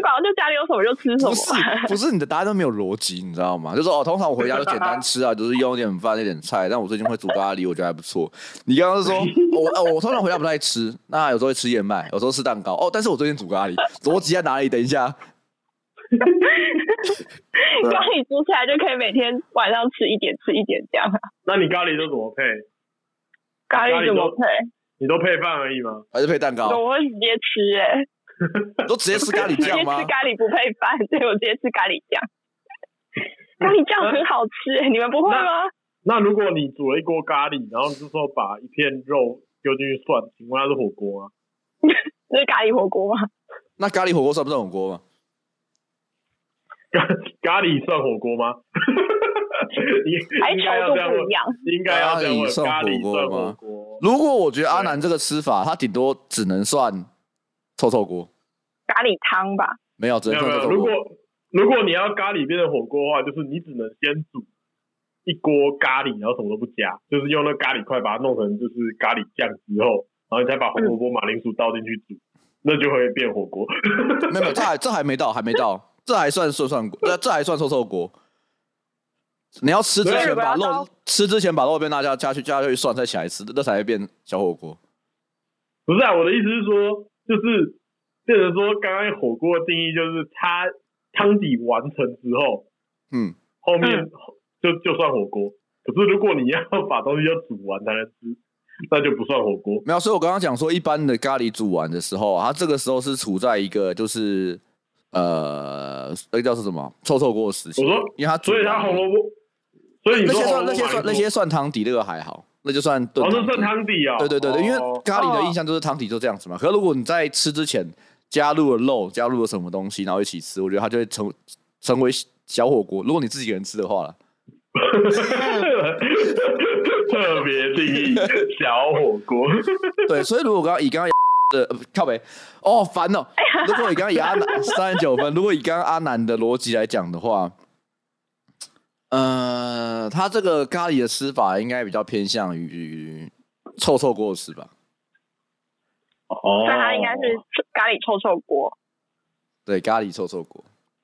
管我，就家裡有什麼就吃什麼。不是，不是你的答案都沒有邏輯，你知道嗎？ 就是哦，通常我回家就簡單吃啊，就是用一點飯、一點菜。但我最近會煮咖喱， 我覺得還不錯。你剛剛說、 哦、我、啊、我通常回家不太吃，那、啊、有時候會吃燕麥，有時候吃蛋糕哦。但是我最近煮咖喱，邏 輯在哪裡？等一下。 咖喱煮起來就可以每天晚上吃一點，吃一點這樣、啊、那你咖喱都怎麼配？咖喱怎麼配？都 你都配飯而已嗎？還是配蛋糕？我會直接吃哎、欸， 都直接吃咖喱醬嗎？ 直接吃咖喱不配飯，對我直接吃咖喱醬。 咖喱醬很好吃哎、欸， 你們不會嗎？那,那如果你煮了一鍋咖喱，然後你就說把一片肉丟進去涮，請問它是火鍋嗎、啊？ 這是咖喱火鍋嗎？那咖喱火鍋算不算火鍋嗎？咖喱算火鍋嗎？ 應該要這樣問，應該要這樣問。咖喱算火鍋嗎？如果我覺得阿南這個吃法，它頂多只能算臭臭鍋。咖喱湯吧。沒有，沒有。如果如果你要咖喱邊的火鍋的話，就是你只能先煮一鍋咖喱，然後什麼都不加，就是用那咖喱塊把它弄成就是咖喱醬之後，然後你再把紅火鍋、馬鈴薯倒進去煮，那就會變火鍋。沒有，這還這還沒到，還沒到。 這還算，算算這還算臭臭鍋？這這還算臭臭鍋？你要吃之前把肉 吃之前把肉片辣椒加去加下去涮，下去算再起來吃，那才會變小火鍋。不是啊，我的意思是說，就是變成說剛剛火鍋的定義就是它湯底完成之後，嗯，後面、嗯、就就算火鍋。可是如果你要把東西要煮完才能吃，那就不算火鍋。沒有，所以我剛剛講說，一般的咖喱煮完的時候，它這個時候是處在一個就是。呃，那、欸、個叫是什麼臭臭鍋的時期？我說因為所以，他紅蘿蔔，所以，他所以那些那些那些算湯底那個還好，那就算燉。哦、那算湯底啊、哦。對對對對、哦，因為咖喱的印象就是湯底就這樣子嘛。哦、可是如果你在吃之前加入了肉，加入了什麼東西，然後一起吃，我覺得它就會成成為小火鍋。如果你自己人吃的話了， 特別定義小火鍋。 對，所以如果剛以剛剛。呃，靠北。哦，煩哦。如果以剛剛阿南三十九分，如果以剛剛阿、哎、 阿南的邏輯來講的話，呃，他這個咖喱的吃法應該比較偏向於臭臭鍋吃吧？哦，那他應該是咖喱臭臭鍋。對，咖喱臭臭鍋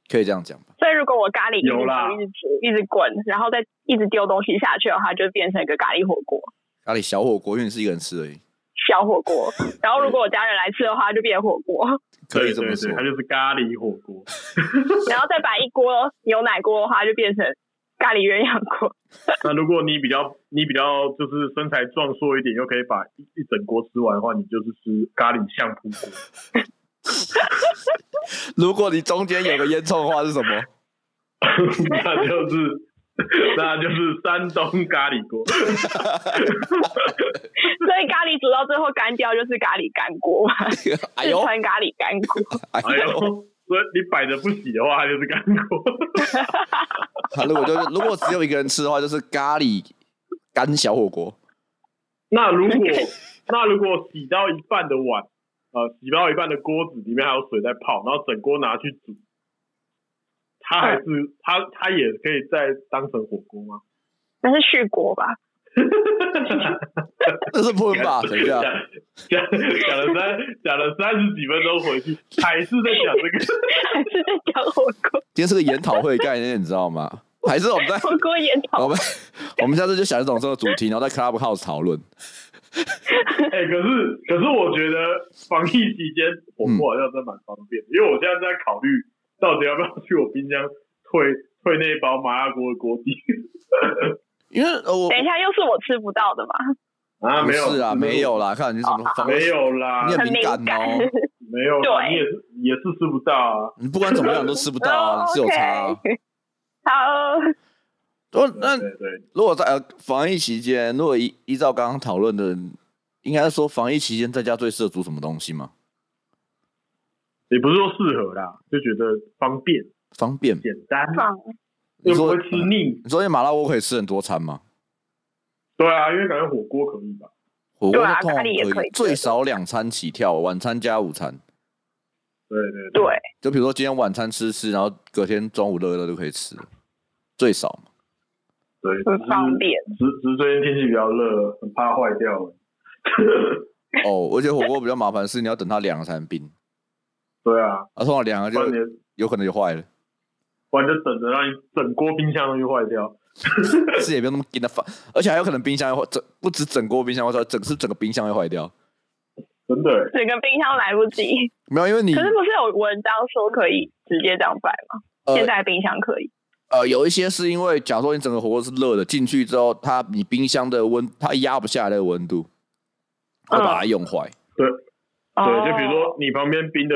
可以這樣講吧？所以如果我咖喱一直一直煮、一直滾，然後再一直丟東西下去的話，就變成一個咖喱火鍋。咖喱小火鍋，因為你是一個人吃而已。小火鍋，然後如果我家人來吃的話，就變火鍋。可以，對對對，它就是咖喱火鍋。 然後再把一鍋牛奶鍋的話，它就變成咖喱鴛鴦鍋。 那如果你比較，你比較就是身材壯碩一點，又可以把一整鍋吃完的話，你就是吃咖喱相撲鍋 如果你中間有個煙囪的話是什麼？ 那就是。那就是山東咖喱鍋， 所以咖喱煮到最後乾掉就是咖喱乾鍋，喜、哎、川咖喱乾鍋、哎。哎呦，所以你擺着不洗的話，它就是乾鍋、 啊。如果就是如果只有一個人吃的話，就是咖喱乾小火鍋。那如果那如果洗到一半的碗，呃，洗到一半的鍋子裡面還有水在泡，然後整鍋拿去煮。他還是、啊、他，他也可以再當成火鍋嗎？那是續鍋吧？ 這是噴吧？等一下，講講了三講 了三十幾分鐘，回去還是在講這個，還是在講火鍋。今天是個研討會概念，你知道嗎？還是我們在火鍋研討？我們我們下次就想一種這個主題，然後在 Club House 討論。哎、 欸，可是可是我覺得防疫期間火鍋好像真的蠻方便的、嗯、因為我現在在考慮。到底要不要去我冰箱退退那一包麻辣鍋的鍋底？ 因為、呃、我等一下又是我吃不到的嘛？啊，沒有啊，沒有啦，看你怎麼防、啊啊你喔、沒有啦，你很敏感哦，沒有，你也是也是吃不到、啊，你不管怎麼樣都吃不到、啊， 是有差、啊。Okay. 好，嗯、那那如果在防疫期間，如果依依照剛剛討論的，應該是說防疫期間在家最適合煮什麼東西嗎？也不是說適合啦，就覺得方便、方便、簡單，又、嗯、不會吃膩。你說，啊、你說麻辣鍋可以吃很多餐嗎？對啊，因為感覺火鍋可以吧？火鍋啊，可以，最少兩餐起跳，晚餐加午餐。對對對，就比如說今天晚餐吃吃，然後隔天中午熱熱就可以吃，最少嘛。對，很方便。只是只是最近天氣比較熱，很怕壞掉 哦，而且火鍋比較麻煩的是，你要等它涼了才冰。對啊，而同時兩個就有可能就壞了，完就等着讓你整鍋冰箱都壞掉，是也不要那麼緊的放，而且還有可能冰箱會整不止整鍋冰箱或者整是整個冰箱會壞掉，真的，整個冰箱來不及，沒有因為你，可是不是有文章說可以直接這樣擺嗎、呃？現在冰箱可以，呃，呃有一些是因為假如說你整個火鍋是熱的，進去之後它你冰箱的溫，它壓不下來的溫度，會把它用壞、嗯，對、哦，對，就比如說你旁邊冰的。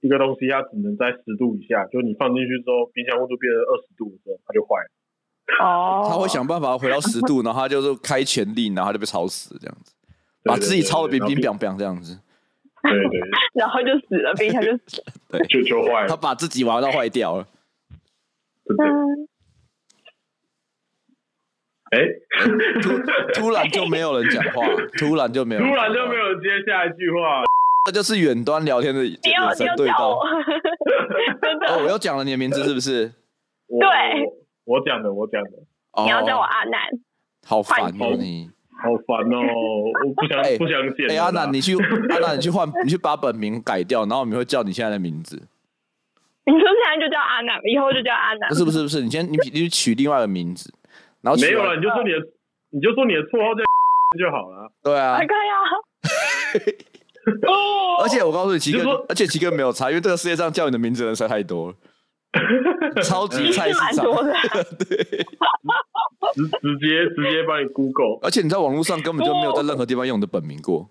這個東西它只能在十度以下，就你放進去之後，冰箱溫度變成二十度的時候，它就壞了。哦。他會想辦法回到十度，然後他就是開全力， 然後他就被超死這樣子，把自己超的冰冰冰冰這樣子。對對，對，對。然後就死了，冰箱就死了 對，就就壞了。他把自己玩到壞掉了。真的。哎，突突然就沒有人講話， 突然就沒有人 突然就沒有人，突然就沒有接下來一句話。這就是遠端聊天的對道。要要我 真、哦、我又講了你的名字是不是？對，我講的，我講的。Oh, 你要叫我阿南，好煩哦、啊、你，好煩哦， 我不想、欸、不想見。哎、欸欸，阿南，你去 阿南，你去換，你去把本名改掉，然後我們會叫你現在的名字。你說現在就叫阿南，以後就叫阿南，是不是？不是，你先你你去取另外一個名字，然後沒有了，你就說你的，你就說你的綽號就好了。對啊，還可以啊。 Oh! 而且我告訴你，奇哥，就是、而且奇哥沒有猜。因為這個世界上叫你的名字的人才太多了， 超級菜市場， 對，直 直接直接幫你 Google，而且你在網絡上根本就沒有在任何地方用你的本名過，oh!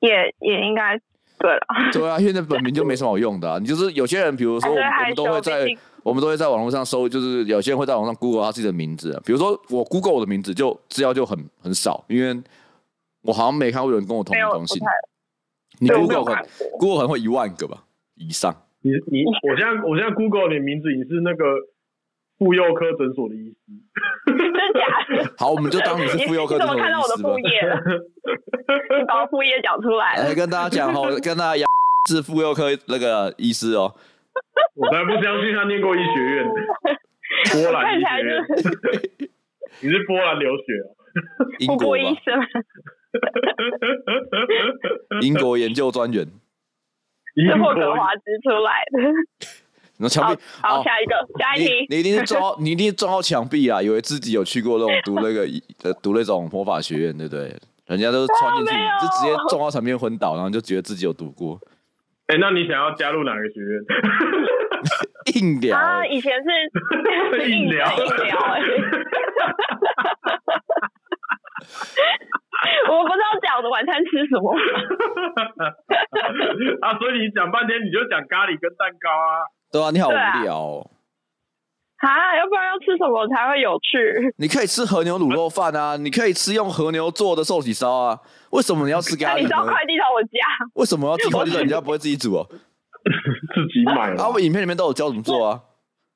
也也應該對了，對啊，因為那本名就沒什麼好用的、啊， 你就是有些人，比如說我們，會我們都會在我們都會在網絡上搜，就是有些人會在網上 Google 他自己的名字、啊，比如說我 Google 我的名字就，就資料就很很少，因為。我好像沒看過有人跟我同名同姓，你 Google 可能 Google 可能會一萬個吧以上？你你，我現在我現在 Google 你的名字，你是那個婦幼科診所的醫師，真假的？好，我們就當你是婦幼科診所怎麼看到我的副業了？ 你把副業講出來，來跟大家講哦，跟大家講是婦幼科那個醫師哦。我才不相信他念過醫學院，波蘭醫學院，是 你是波蘭留學、啊，英國醫生。 英國研究專員，英國是霍格華茲出來的。你說牆壁，好，好、哦、下一個，加你，你，你一定是撞到， 你一定是撞到牆壁啊！以為自己有去過那種讀那個呃 讀那種魔法學院，對不對？人家都穿進去，就直接撞到牆面昏倒，然後就覺得自己有讀過、欸。哎，那你想要加入哪個學院？醫 療、 欸啊、以前是 是醫我不知道講的晚餐吃什麼 啊！所以你講半天，你就講咖喱跟蛋糕啊？對啊，你好無聊哦。啊，要不然要吃什麼才會有趣？你可以吃和牛滷肉飯啊，啊，你可以吃用和牛做的壽喜燒啊。為什麼你要吃咖喱？你要快遞到我家？為什麼要吃快遞到你家？不會自己煮哦，自己， 自己買。啊，我們影片裡面都有教怎麼做啊。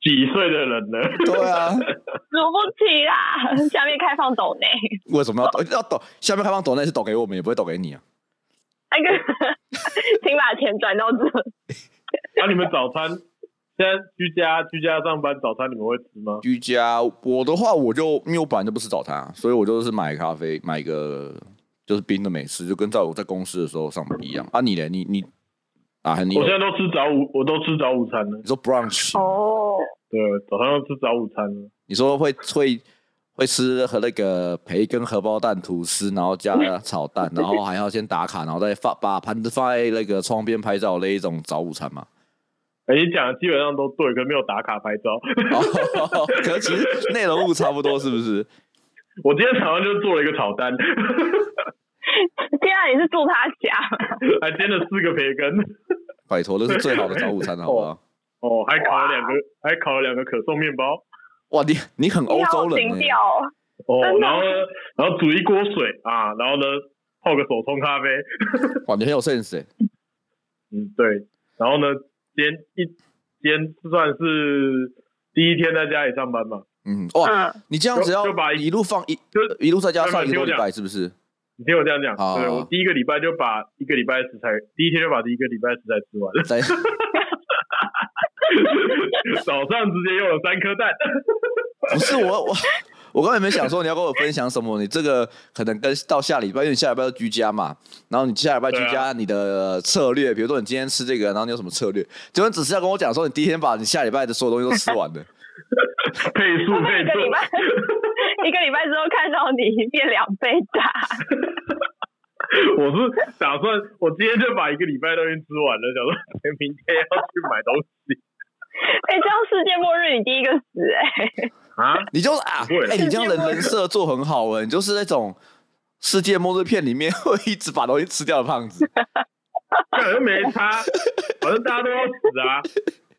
幾歲的人呢？對啊，賭不起啦！ 下面開放抖內？為什麼要抖？要抖？下面開放抖內？是抖給我們，也不會抖給你啊。那個， 請把錢轉到這。那、 啊、你們早餐現在居家居家，上班早餐你們會吃嗎？居家，我的話我就，因為我本來就不吃早餐啊，所以我就是買咖啡，買一個就是冰的美式，就跟在我在公司的時候上班一樣。啊你，你呢？你你。啊、我現在都吃早午，我都吃早午餐了。你說 brunch？哦、oh.，對，早上要吃早午餐。你說會會會吃和那個培根荷包蛋吐司，然後加炒蛋，okay. 然後還要先打卡，然後再放把盤子放在那個窗邊拍照那一種早午餐嘛？哎、欸，你講的基本上都對，可是沒有打卡拍照， oh, oh, oh, oh, 可其實內容物差不多是不是？ 我今天早上就做了一個炒蛋。今 在、啊、你是做他家，還煎了四個培根。拜託，那是最好的早午餐，好不好 哦？哦，還烤了兩個，還烤了兩個可頌麵包。哇，你你很歐洲人、欸真的。哦，然後呢？然後煮一鍋水啊，然後呢，泡個手沖咖啡。 哇，你很有 sense、欸、嗯，對。然後呢，今天一今天算是第一天在家裡上班嘛？嗯，哇，嗯哇嗯、你這樣只要就，就把一,一路放一，一路在家裡上一個多禮拜，是不是？你聽我這樣講、哦呃，我第一個禮拜就把一個禮拜食材，第一天就把第一個禮拜食材吃完了。 早上直接用了三顆蛋。不是，我我我剛也沒想說你要跟我分享什麼，你這個可能跟到下禮拜，因為你下禮拜要居家嘛。然後你下禮拜居家，你的策略，啊，比如說你今天吃這個，然後你有什麼策略？就你只是要跟我講說，你第一天把你下禮拜的所有東西都吃完了。 倍速倍速一個禮拜， 拜之後看到你變兩倍大 。我是打算，我今天就把一個禮拜東西吃完了，想說明天要去買東西。哎 欸，這樣世界末日你第一個死哎、欸！啊，你就是啊！哎、欸，你這樣的人設做很好哎，你就是那種世界末日片裡面會一直把東西吃掉的胖子。哈哈，沒差，反正大家都要死啊！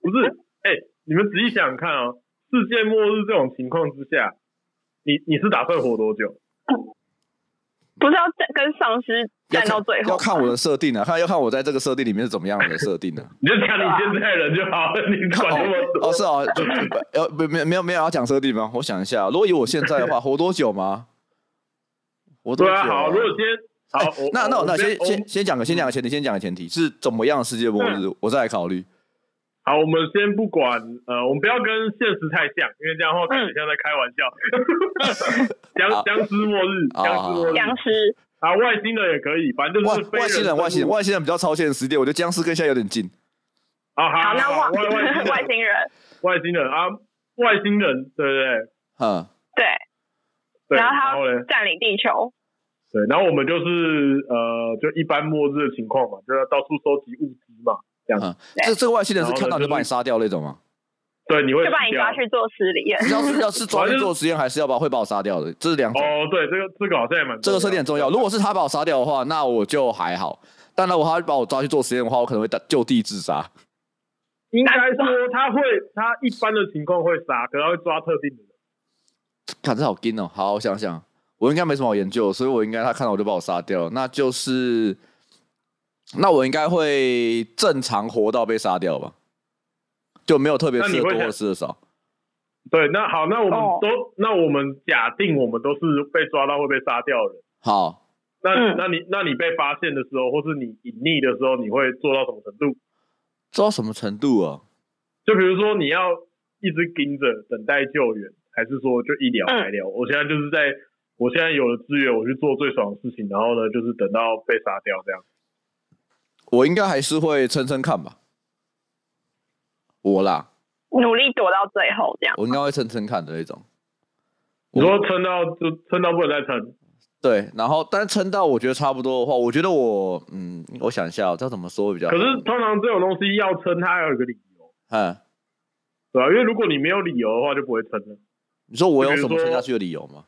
不是？哎、欸，你們仔細想想看哦。世界末日這種情況之下，你你是打算活多久？嗯、不是要再跟喪屍站到最後要？要看我的設定啊，看要看我在這個設定裡面是怎麼樣的設定的、啊。 你就講你現在人就好， 你管那麼多哦？哦，是啊，要不沒沒有沒有，沒有，沒有要講設定嗎？我想一下，如果以我現在的話， 活多久嗎、啊？活多久？好，如果先，欸、那我那我那我我先先先講個、嗯、先講個前提，先講個前提，是怎麼樣的世界末日？嗯、我再來考慮。好，我們先不管，呃，我們不要跟現實太像，因為這樣的話感覺像在開玩笑。僵、嗯 啊、殭屍末日、啊，殭屍末日，殭屍啊，外星的也可以，反正就是非外，外星人，外星外星人比較超現實一點，我覺得殭屍跟現在有點近。好啊好，那、啊、外外星 外星人，外星人啊，外星人，對不對對、啊，對，然後他佔領地球，對，對，然後我們就是呃，就一般末日的情況嘛，就要到處收集物資。這樣嗯，這這個外星人是看到就把你殺掉的那種嗎、就是？對，你會把你抓去做實驗。要是要是抓去做實驗、就是，還是要把會把我殺掉的？這是兩種哦，對，這個這個好像蠻這個設定很重要。如果是他把我殺掉的話，那我就還好。但如果他把我抓去做實驗的話，我可能會就地自殺。應該說他會，他一般的情況會殺，可能會抓特定的人。卡，這好勁哦、喔！好好想想，我應該沒什麼好研究，所以我應該他看到我就把我殺掉了。那就是。那我應該會正常活到被殺掉吧？就沒有特別吃的多或吃的少。對，那好，那我們都、oh. 那我們假定我們都是被抓到會被殺掉的。好，那那你那你被發現的時候，或是你隱匿的時候，你會做到什麼程度？做到什麼程度啊？就比如說你要一直盯着等待救援，還是說就一了百了？我現在就是在，我現在有了資源，我去做最爽的事情，然後呢，就是等到被殺掉這樣。我應該還是會撐撐看吧。我啦，努力躲到最後這樣。我應該會撐撐看的那種。你說我說撐到撐到不能再撐，對。然後，但撐到我覺得差不多的話，我覺得我嗯，我想一下，我這怎麼說比較好？可是通常這種東西要撐，它要有一個理由。嗯，對啊，因為如果你沒有理由的話，就不會撐了。你說我有什麼撐下去的理由嗎？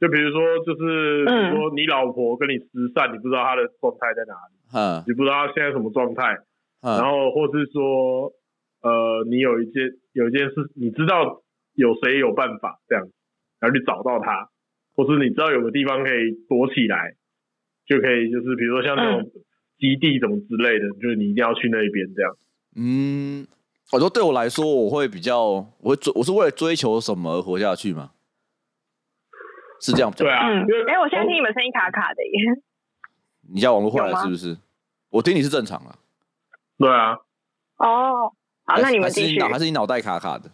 就比如說，就比如說、就是比如說你老婆跟你失散、嗯，你不知道她的狀態在哪裡。你、嗯、不知道他現在什麼狀態、嗯，然後或是說，呃，你有一件有一件事，你知道有誰有辦法這樣，然後去找到他，或是你知道有個地方可以躲起來，就可以就是比如說像那種基地什麼之類的，嗯、就是你一定要去那邊這樣。嗯，我說對我來說，我會比較，我會追，我是為了追求什麼而活下去嗎？是這樣對啊、嗯，因哎、欸，我現在聽你們聲音卡卡的耶。你家網絡壞了是不是？我聽你是正常了、啊。對啊。哦，好，那你們還是你腦還是你腦袋卡卡的。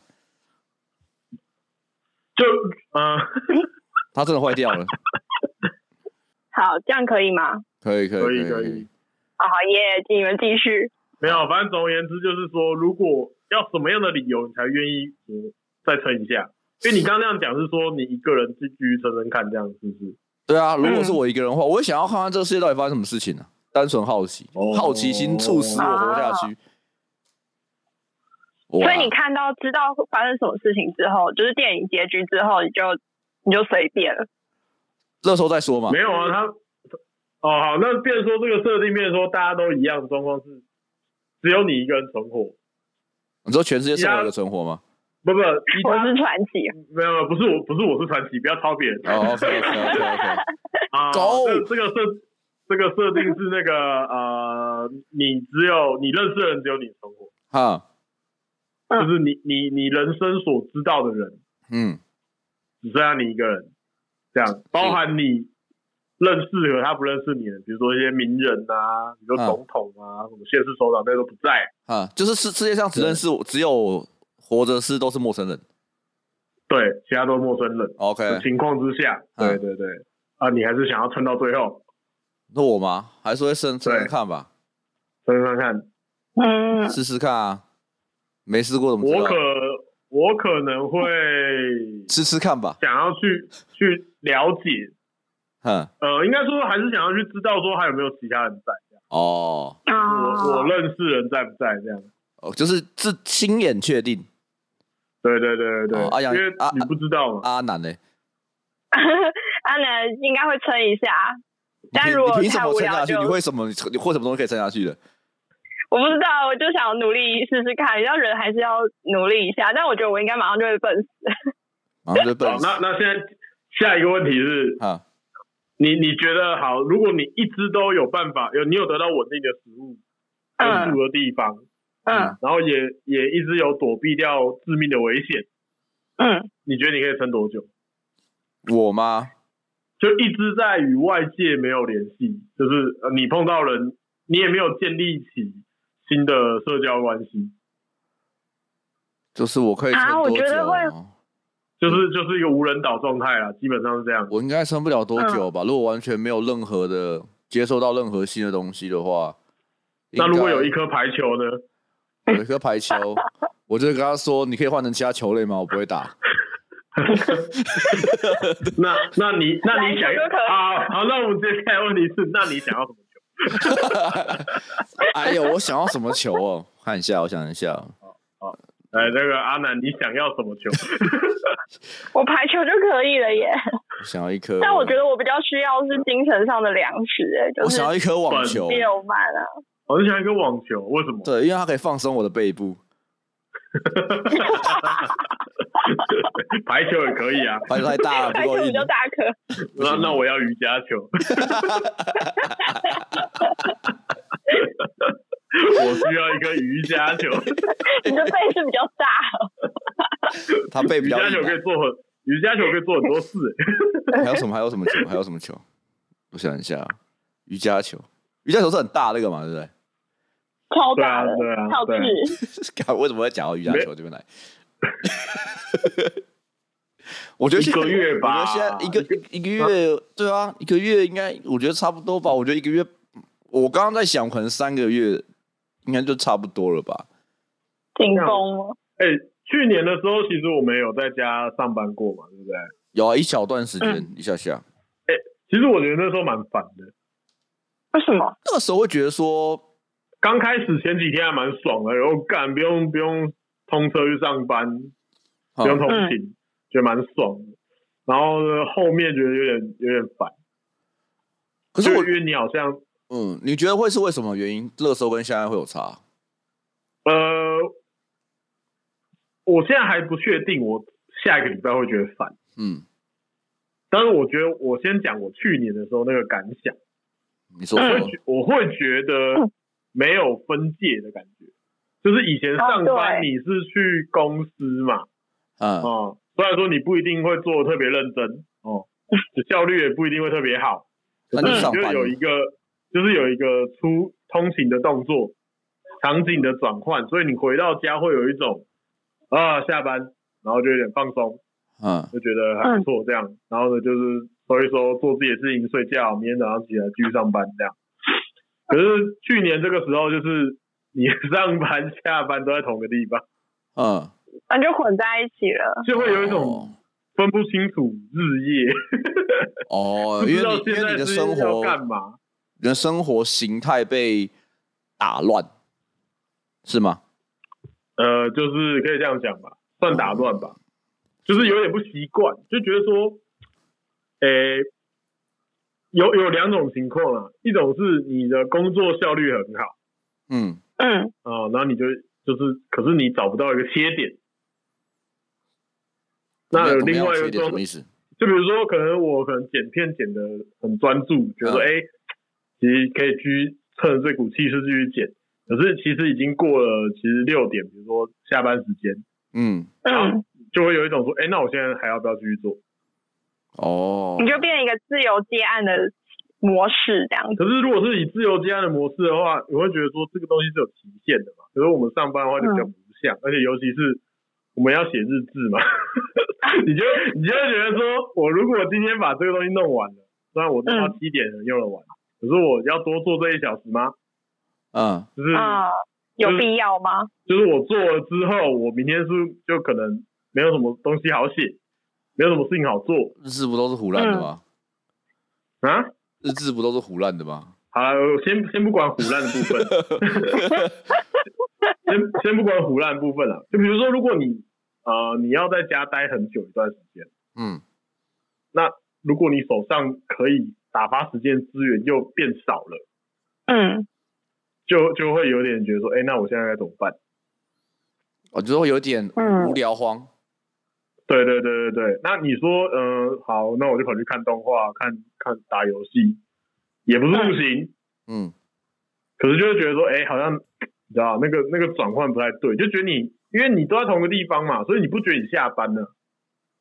就嗯，呃、 他真的壞掉了。 好，這樣可以嗎？可以可以可以可以。啊好耶，請、哦 yeah, 你們繼續。沒有，反正總而言之就是說，如果要什麼樣的理由你才願意嗯再撐一下？因為你剛剛那樣講是說你一個人繼續撐撐看，這樣是不是？對啊，如果是我一個人的話，嗯、我也想要看看這個世界到底發生什麼事情呢？啊，單純好奇，oh, 好奇心促使我活下去 oh, oh.。所以你看到知道發生什麼事情之後，就是電影結局之後你你就你就隨便了。這時候再說嘛。沒有啊，他哦好。那變說這個設定變說，大家都一樣的狀況是，只有你一個人存活。你說全世界都存活嗎？不不，我是傳奇、啊。沒有，沒有，不是我，不是我是傳奇，不要抄別人。Oh, OK OK OK, okay. 呃。啊，這個設，這個設定是那個呃，你只有你認識的人，只有你存活。好，就是你你你人生所知道的人，嗯，只剩下你一個人，這樣，包含你認識和、嗯、他不認識你的，比如說一些名人啊，比如說總統啊，什麼縣市首長那些都不在。啊，就是世世界上只認識我，只有。活着是都是陌生人，對，其他都是陌生人。OK，情況之下，對對對，對、嗯，啊，你還是想要撐到最後？那我嗎？還是會試試看吧，試試看，嗯，試試看啊，沒試過怎麼知道、啊、我可，我可能會，試試看吧，想要去去了解，嗯，呃，應該說還是想要去知道說還有沒有其他人在，哦， 我我認識人在不在這樣？哦，就是自親眼確定。對對對對，阿、哦、陽，哎、因為你不知道阿喃、啊啊啊、呢？阿 喃、啊、應該會撐一下，但如果你憑什麼撐下去？你會什麼？你或什麼東西可以撐下去的？我不知道，我就想努力試試看。要人還是要努力一下？但我覺得我應該馬上就會笨死，馬上就笨死 那那現在下一個問題是，哈？你你覺得好？如果你一直都有辦法，有你有得到穩定的食物、呃、住的地方，嗯、啊，然後也也一直有躲避掉致命的危險。嗯，你覺得你可以撐多久？我嗎？就一直在與外界沒有聯繫，就是呃，你碰到人，你也沒有建立起新的社交關係。就是我可以撐多久？啊、我覺得會，就是就是一個無人島狀態了、啊，基本上是這樣。我應該撐不了多久吧？嗯、如果完全沒有任何的接受到任何新的東西的話，那如果有一顆排球呢？ 有一顆排球，我就跟他說：“你可以換成其他球類嗎？我不會打。”那那你那你想要？好好，那我們接下來問題是：那你想要什麼球？哎呦，我想要什麼球哦、啊？看一下，我想一下。好，呃，這個阿南，你想要什麼球？我排球就可以了耶。 我想要一顆，但我覺得我比較需要是精神上的糧食，哎，我想要一顆網球。六萬啊！我、哦、就想要一個網球，為什麼？對，因為它可以放鬆我的背部。 排球也可以啊，排球太大了，排球比較大顆。那、啊、那我要瑜伽球。 我需要一個瑜伽球。 你的背是比較大、喔。他背比較瑜伽球可以做很、瑜伽球可以做很多事、欸。還有什麼？還有什麼球？還有什麼球？我想一下、啊，瑜伽球，瑜伽球是很大那個嘛，對不對？跳大了，跳字。為什麼會講到瑜伽球這邊來？ 我覺得一個月吧，現在一個一個，一個月，對啊，一個月應該我覺得差不多吧。我覺得一個月，我剛剛在想，可能三個月應該就差不多了吧。停工了？哎，去年的時候其實我沒有在家上班過嘛，對不對？有啊，一小段時間，嗯、一下下。哎、欸，其實我覺得那時候蠻煩的。為什麼？那個時候會覺得說。剛開始前幾天還蠻爽的，然後乾不用不用通車去上班，啊、不用通勤、嗯，覺得蠻爽的。然後呢，後面覺得有點有點煩。可是我覺得因為你好像，嗯，你覺得會是為什麼原因？那時候跟現在會有差？呃，我現在還不確定，我下一個禮拜會覺得煩。嗯，但是我覺得我先講我去年的時候那個感想。你說，說。嗯。我會覺得。嗯沒有分界的感覺，就是以前上班你是去公司嘛，啊啊、嗯，哦，雖然說你不一定會做得特別認真哦、嗯，效率也不一定會特別好，可是你就有一個，就是有一個出通勤的動作，場景的轉換，所以你回到家會有一種，啊，下班，然後就有點放鬆，啊，就覺得還不錯這樣，嗯、然後呢就是所以說做自己的事情，睡覺，明天早上起來繼續上班這樣。 可是去年這個時候，就是你上班下班都在同個地方，嗯，那就混在一起了，就會有一種分不清楚日夜。哦， 哦、因為你的生活幹嘛？你的生活形態被打亂，是嗎？呃，就是可以這樣講吧，算打亂吧、嗯，就是有點不習慣，就覺得說，誒。有有兩種情況啊，一種是你的工作效率很好，嗯嗯啊，那、哦、你就就是，可是你找不到一個切點。嗯、那有另外一個什麼意思？就比如說，可能我可能剪片剪得很專注，覺得哎，其實可以去趁這股氣勢繼續剪。可是其實已經過了，其實六點，比如說下班時間，嗯，就會有一種說，哎、欸，那我現在還要不要繼續做？哦、oh.，你就變成一個自由接案的模式這樣子。可是，如果是以自由接案的模式的話，你會覺得說這個東西是有極限的嘛？可是我們上班的話就比較不像，嗯、而且尤其是我們要寫日誌嘛 你，你就你就會覺得說，我如果今天把這個東西弄完了，那我弄到七點能用得完，嗯。可是我要多做這一小時嗎？嗯，就是啊、嗯，有必要嗎、就是？就是我做了之後，我明天是就可能沒有什麼東西好寫。沒有什麼事情好做，日子不都是唬爛的嗎、嗯？啊，日子不都是唬爛的嗎？好，我先先不管唬爛的部分， 先先不管唬爛的部分了。就比如說，如果你呃你要在家待很久一段時間，嗯，那如果你手上可以打發時間資源又變少了，嗯，就就會有點覺得說，哎、欸，那我現在該怎麼辦？我覺得會有點無聊慌。嗯對對對對對，那你說，嗯、呃、好，那我就跑去看動畫，看看打遊戲，也不是不行，嗯，可是就是覺得說，哎，好像你知道那個那個轉換不太對，就覺得你因為你都在同一個地方嘛，所以你不覺得你下班了。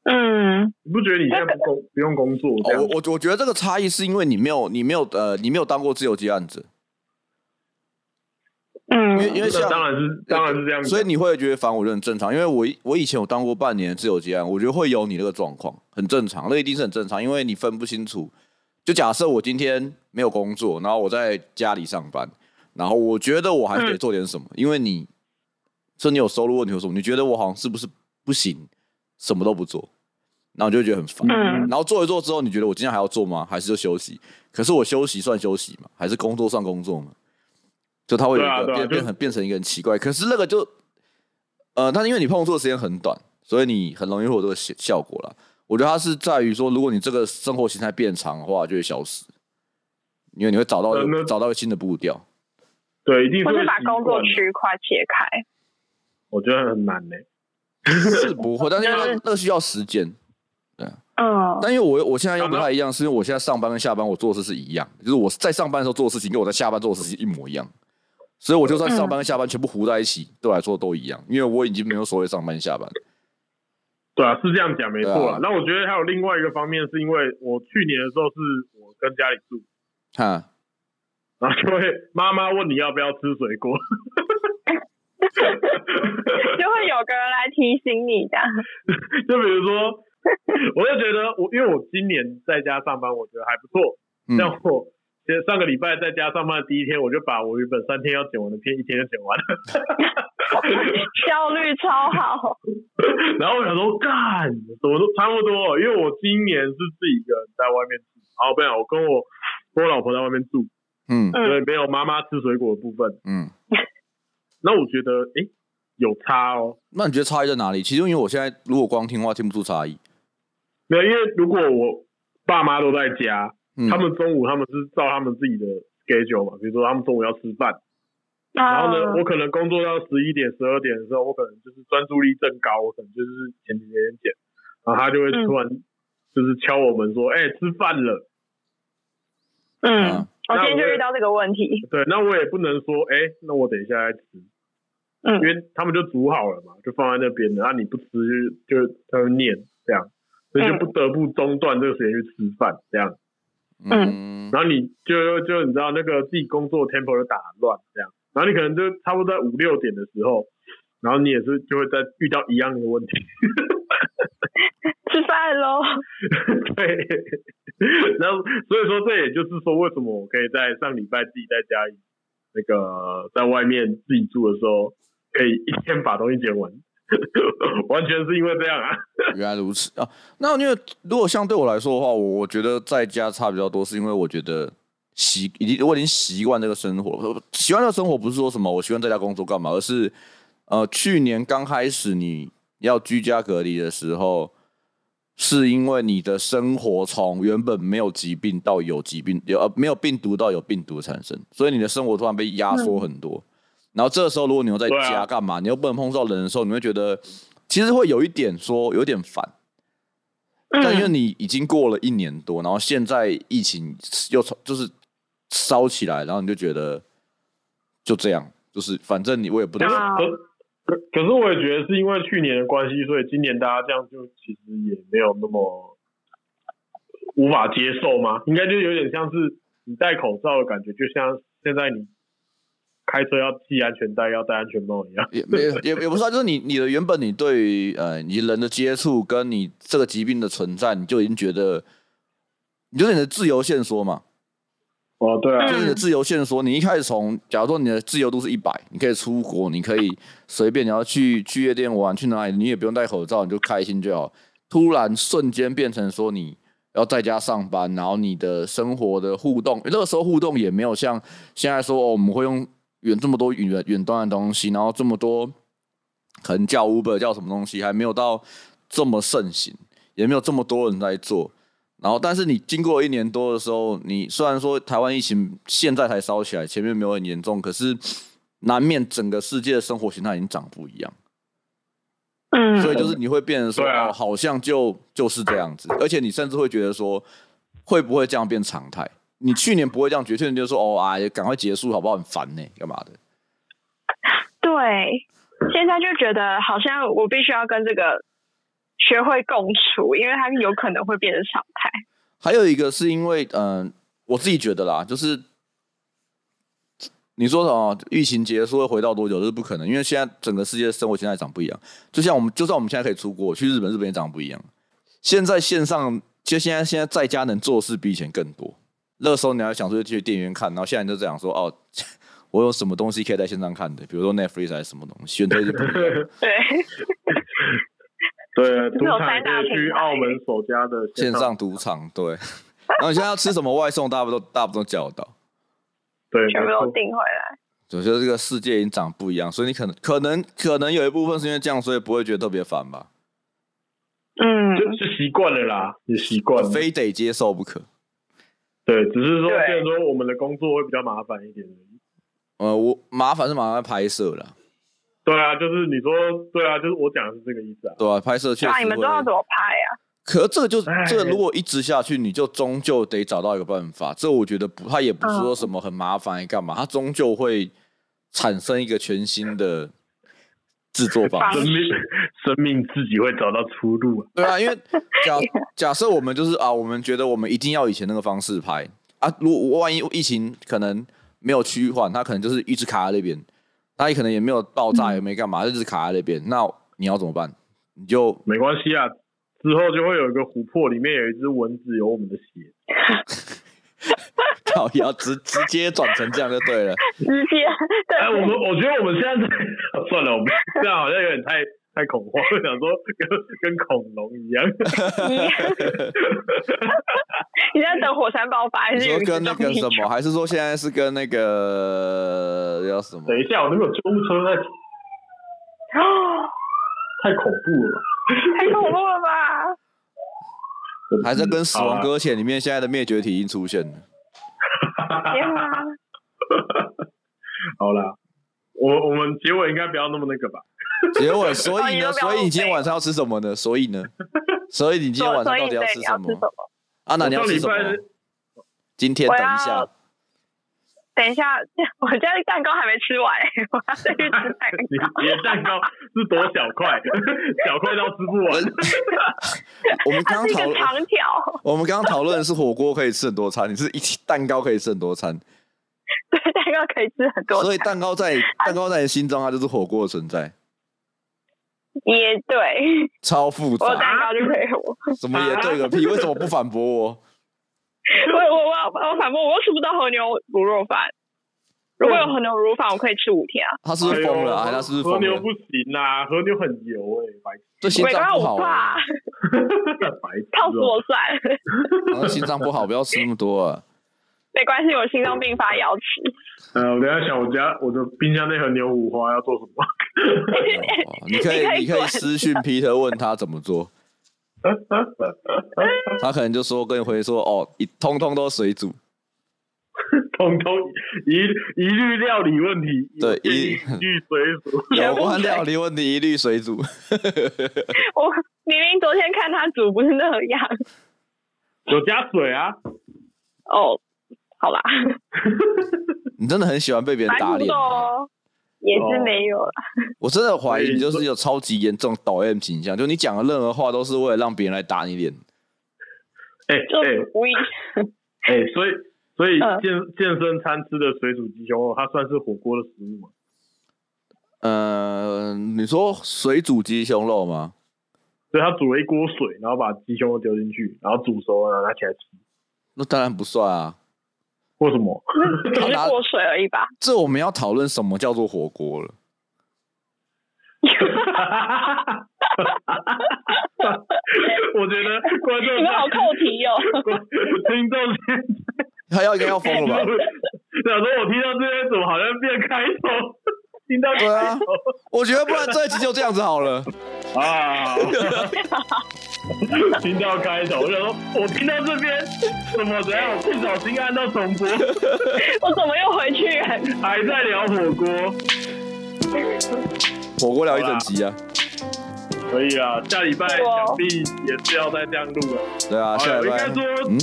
嗯，你不覺得你現在不工不用工作？哦、我我我覺得這個差異是因為你沒有你沒有呃你沒有當過自由接案子。嗯，因為因為當然是當然是這樣的，所以你會覺得煩，我覺得很正常。因為我我以前有當過半年自由接案，我覺得會有你那個狀況，很正常，那一定是很正常。因為你分不清楚，就假設我今天沒有工作，然後我在家裡上班，然後我覺得我還得做點什麼，嗯、因為你說你有收入問題有什麼，你覺得我好像是不是不行，什麼都不做，然後就會覺得很煩，嗯。然後做一做之後，你覺得我今天還要做嗎？還是就休息？可是我休息算休息嗎？還是工作算工作嗎？就它會有一個變變變很變成一個很奇怪，可是那個就，呃，但是因為你碰觸的時間很短，所以你很容易會有這個效效果了。我覺得它是在於說，如果你這個生活形態變長的話，就會消失，因為你會找到找到一個新的步調。對，一定會。是把工作區塊切開，我覺得很難呢、欸，是不會，但是 但因為那需要時間。對、啊，嗯、呃，但因為我我現在又不太一樣，是因為我現在上班跟下班我做事是一樣，就是我在上班的時候做的事情，跟我在下班做的事情一模一樣。所以我就算上班下班全部糊在一起，嗯、對我來說都一樣，因為我已經沒有所謂上班下班。對啊，是這樣講沒錯啊。那我覺得還有另外一個方面，是因為我去年的時候是我跟家裡住，哈，然後就會媽媽問你要不要吃水果， 就會有個人來提醒你的，就比如說，我就覺得我因為我今年在家上班，我覺得還不錯，嗯其實上個禮拜在家上班的第一天，我就把我原本三天要剪完的片一天就剪完了 效率超好 。然後我想說幹，怎麼都差不多，因為我今年是自己一個人在外面住，哦，不然我跟我跟我老婆在外面住，嗯，對，沒有媽媽吃水果的部分，嗯。那我覺得、欸，有差哦。 那你覺得差異在哪裡？其實因為我現在如果光聽話聽不出差異，沒有，因為如果我爸媽都在家。他們中午他們是照他們自己的 schedule 嘛，比如說他們中午要吃飯、啊，然後呢，我可能工作到十一點十二點的時候，我可能就是專注力正高，我可能就是前幾天點。然後他就會突然就是敲我們說，哎、嗯欸，吃飯了。嗯我，我今天就遇到這個問題。對，那我也不能說，哎、欸，那我等一下再吃。嗯，因為他們就煮好了嘛，就放在那邊，然後你不吃就就他就念，這樣，所以就不得不中斷這個時間去吃飯，這樣。嗯，然後你就就你知道那個自己工作 tempo 就打亂這樣，然後你可能就差不多在五六點的時候，然後你也是就會再遇到一樣的問題， 吃飯飯嘍囉。 對， 然後所以說這也就是說為什麼我可以在上禮拜自己在家裡那個在外面自己住的時候，可以一天把東西剪完。 完全是因為這樣啊！原來如此啊！那因為如果相對我來說的話，我我覺得在家差比較多，是因為我覺得習已經我已經習慣這個生活，習慣這個生活不是說什麼我喜歡在家工作幹嘛，而是呃去年剛開始你要居家隔離的時候，是因為你的生活從原本沒有疾病到有疾病，有呃沒有病毒到有病毒產生，所以你的生活突然被壓縮很多。嗯然後這時候，如果你又在家幹嘛、啊，你又不能碰到人的時候，你會覺得其實會有一點說有點煩。但因為你已經過了一年多，嗯、然後現在疫情又就是燒起來，然後你就覺得就這樣，就是反正你我也不可，、啊、可，可是我也覺得是因為去年的關係，所以今年大家這樣就其實也沒有那麼無法接受嘛？應該就有點像是你戴口罩的感覺，就像現在你。開車要繫安全帶，要戴安全帽一樣也，也沒有，也也不是啊，就是你你的原本你對於呃你人的接觸跟你這個疾病的存在，你就已經覺得，你就是你的自由線索嘛，哦對啊，就是你的自由線索，你一開始從假如說你的自由度是一百，你可以出國，你可以隨便你要去去夜店玩去哪裡，你也不用戴口罩，你就開心就好。突然瞬間變成說你要在家上班，然後你的生活的互動那個時候互動也沒有像現在說哦我們會用。遠這麼多遠遠端的東西，然後這麼多可能叫 Uber 叫什麼東西，還沒有到這麼盛行，也沒有這麼多人在做。然後，但是你經過一年多的時候，你雖然說台灣疫情現在才燒起來，前面沒有很嚴重，可是難免整個世界的生活形態已經長不一樣。嗯。所以就是你會變得說，啊、好像就就是這樣子，而且你甚至會覺得說，會不會這樣變常態？你去年不會這樣，決定你就說哦，哎、啊，趕快結束好不好？很煩呢、欸，幹嘛的？對，現在就覺得好像我必須要跟這個學會共處，因為他有可能會變成常態。還有一個是因為，嗯、呃，我自己覺得啦，就是你說什麼疫情結束會回到多久，這、就是不可能，因為現在整個世界的生活現在長不一樣。就像我們，就算我們現在可以出國去日本，日本也長不一樣。現在線上，就現在現在在家能做的事比以前更多。熱搜，你要想出去去電影院看，然後現在你就這樣說哦，我有什麼東西可以在線上看的？比如說 Netflix 還是什麼東西？選擇就變 對， 對、啊，賭場地區澳門首家的線上賭場， 對。然後你現在要吃什麼外送大部分，大部分大部分都叫到， 對，全部都訂回來。我覺得這個世界已經長不一樣，所以你可能可能可能有一部分是因為這樣，所以不會覺得特別煩吧？嗯，就是習慣了啦，也習慣，非得接受不可。對，只是說，雖然說我們的工作會比較麻煩一點而已。呃、嗯，我麻煩是麻煩拍攝了。對啊，就是你說，對啊，就是我講的是這個意思啊。對啊，拍攝確實。那、啊、你們都要怎麼拍啊？可是這個就是，這個如果一直下去，你就終究得找到一個辦法。哎、這我覺得不，他也不是說什麼很麻煩，嗯、幹嘛？他終究會產生一個全新的。嗯製作方生命，生命自己會找到出路。對啊，因為假假設我們就是啊，我們覺得我們一定要以前那個方式拍啊，如果萬一疫情可能沒有趨緩，它可能就是一直卡在那邊，它也可能也沒有爆炸，嗯、也沒幹嘛，就一直卡在那邊，那你要怎麼辦？你就沒關係啊，之後就會有一個琥珀，裡面有一隻蚊子，有我們的血。 要要直直接轉成這樣就對了。直接。對。哎、欸，我們我覺得我們現在在，算了，我們這樣好像有點太太恐慌，想說跟跟恐龍一樣。你， 你現在等火山爆發，還是你說跟那個什麼？還是說現在是跟那個要什麼？等一下，我那邊有救護車在。太恐怖了！太恐怖了吧？還是跟《死亡擱淺》裡面現在的滅絕體已經出現了。Yeah. 好啦，我我們結尾應該不要那麼那個吧？ 結尾，所以呢，所以你今天晚上要吃什麼呢？所以呢， 所以你今天晚上到底要吃什麼？阿喃你、啊、你要吃什麼？今天等一下。等一下，我家的蛋糕還沒吃完，我要再去吃蛋糕。啊、你蛋糕是多小塊？ 小塊都吃不完。 我們剛剛討論，我們剛剛討論的是火鍋可以吃很多餐，你是一蛋糕可以吃很多餐。對，蛋糕可以吃很多，所以蛋糕在蛋糕在你心中啊，就是火鍋的存在。也對，超複雜，我蛋糕就陪我。怎、啊、麼也對個屁？為什麼不反駁我？ 我我我我反駁，我又吃不到和牛滷肉飯。如果有和牛滷肉飯，我可以吃五天啊！他是瘋了啊！是他是不是瘋了和牛不行啊？和牛很油哎、欸，這心臟不好啊！泡死我算了、 啊。心臟不好，不要吃那麼多。啊。 沒關係，我心臟病發也要吃。嗯、 呃，我等下想我家，我家我的冰箱那盒牛五花要做什麼？ 哦、你可以你可以,你可以私訊皮特問他怎麼做。 他可能就說跟你回說哦，一通通都水煮，通通一一律料理問題，對一律水煮，有關料理問題一律水煮。 我明明昨天看他煮不是那樣，有加水啊？哦，oh，好啦， 你真的很喜歡被別人打臉。也是沒有了，oh。 我真的懷疑你就是有超級嚴重導演傾向，就你講的任何話都是為了讓別人來打你臉。哎、欸、哎、欸 欸，所以所以健健身餐吃的水煮雞胸肉，它算是火鍋的食物嗎？嗯、呃，你說水煮雞胸肉嗎？對，他煮了一鍋水，然後把雞胸肉丟進去，然後煮熟了然後拿起來吃。那當然不算啊。或什麼？是過水而已吧。這我們要討論什麼叫做火鍋了？ 我覺得觀眾們你們好扣題哦，聽眾，他要應該要瘋了吧？ 想說，我聽到這些，怎麼好像變開頭？聽到開頭對、啊， 我覺得不然這一集就這樣子好了。啊！聽到開頭，我就說我聽到這邊，什麼？怎樣？至少今晚的重播。 我怎麼又回去、欸？還在聊火鍋？火鍋聊一整集啊！可以啊，下禮拜想必也是要再這樣錄了。對啊，下禮拜應該說，嗯，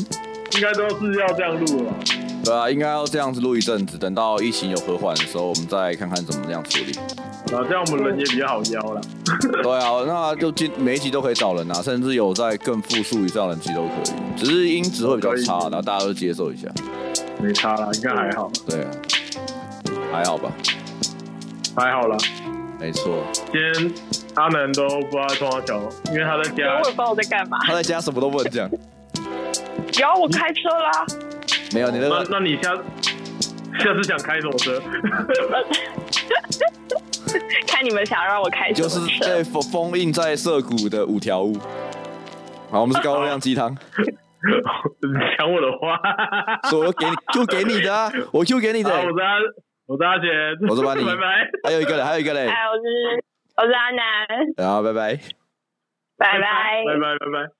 應該都是要這樣錄了。對啊，應該要這樣子錄一陣子，等到疫情有和緩的時候，我們再看看怎麼這樣處理。啊，這樣我們人也比較好邀了。 對啊，那就每一集都可以找人啊，甚至有在更複數以上的人集都可以，只是音質會比較差，嗯、然後大家都接受一下。沒差啦，應該還好。對啊，還好吧？還好啦。沒錯。今天阿喃都不知道在闖，因為他在家。我也不知道在幹嘛。他在家什麼都不能講。只 要我開車啦。沒有你那個，那那你下下次想開什麼車？ 看你們想讓我開什麼車。就是被封封印在澀谷的五條悟。 好，我們是高熱量雞湯。 你搶我的花！所以我給就 給、啊、給你的，啊、我就給你的。我是我是阿杰，我是阿李，拜 拜。還有一個嘞，還有一個嘞。哎，我是我是阿喃。好，拜拜。拜拜拜拜拜拜。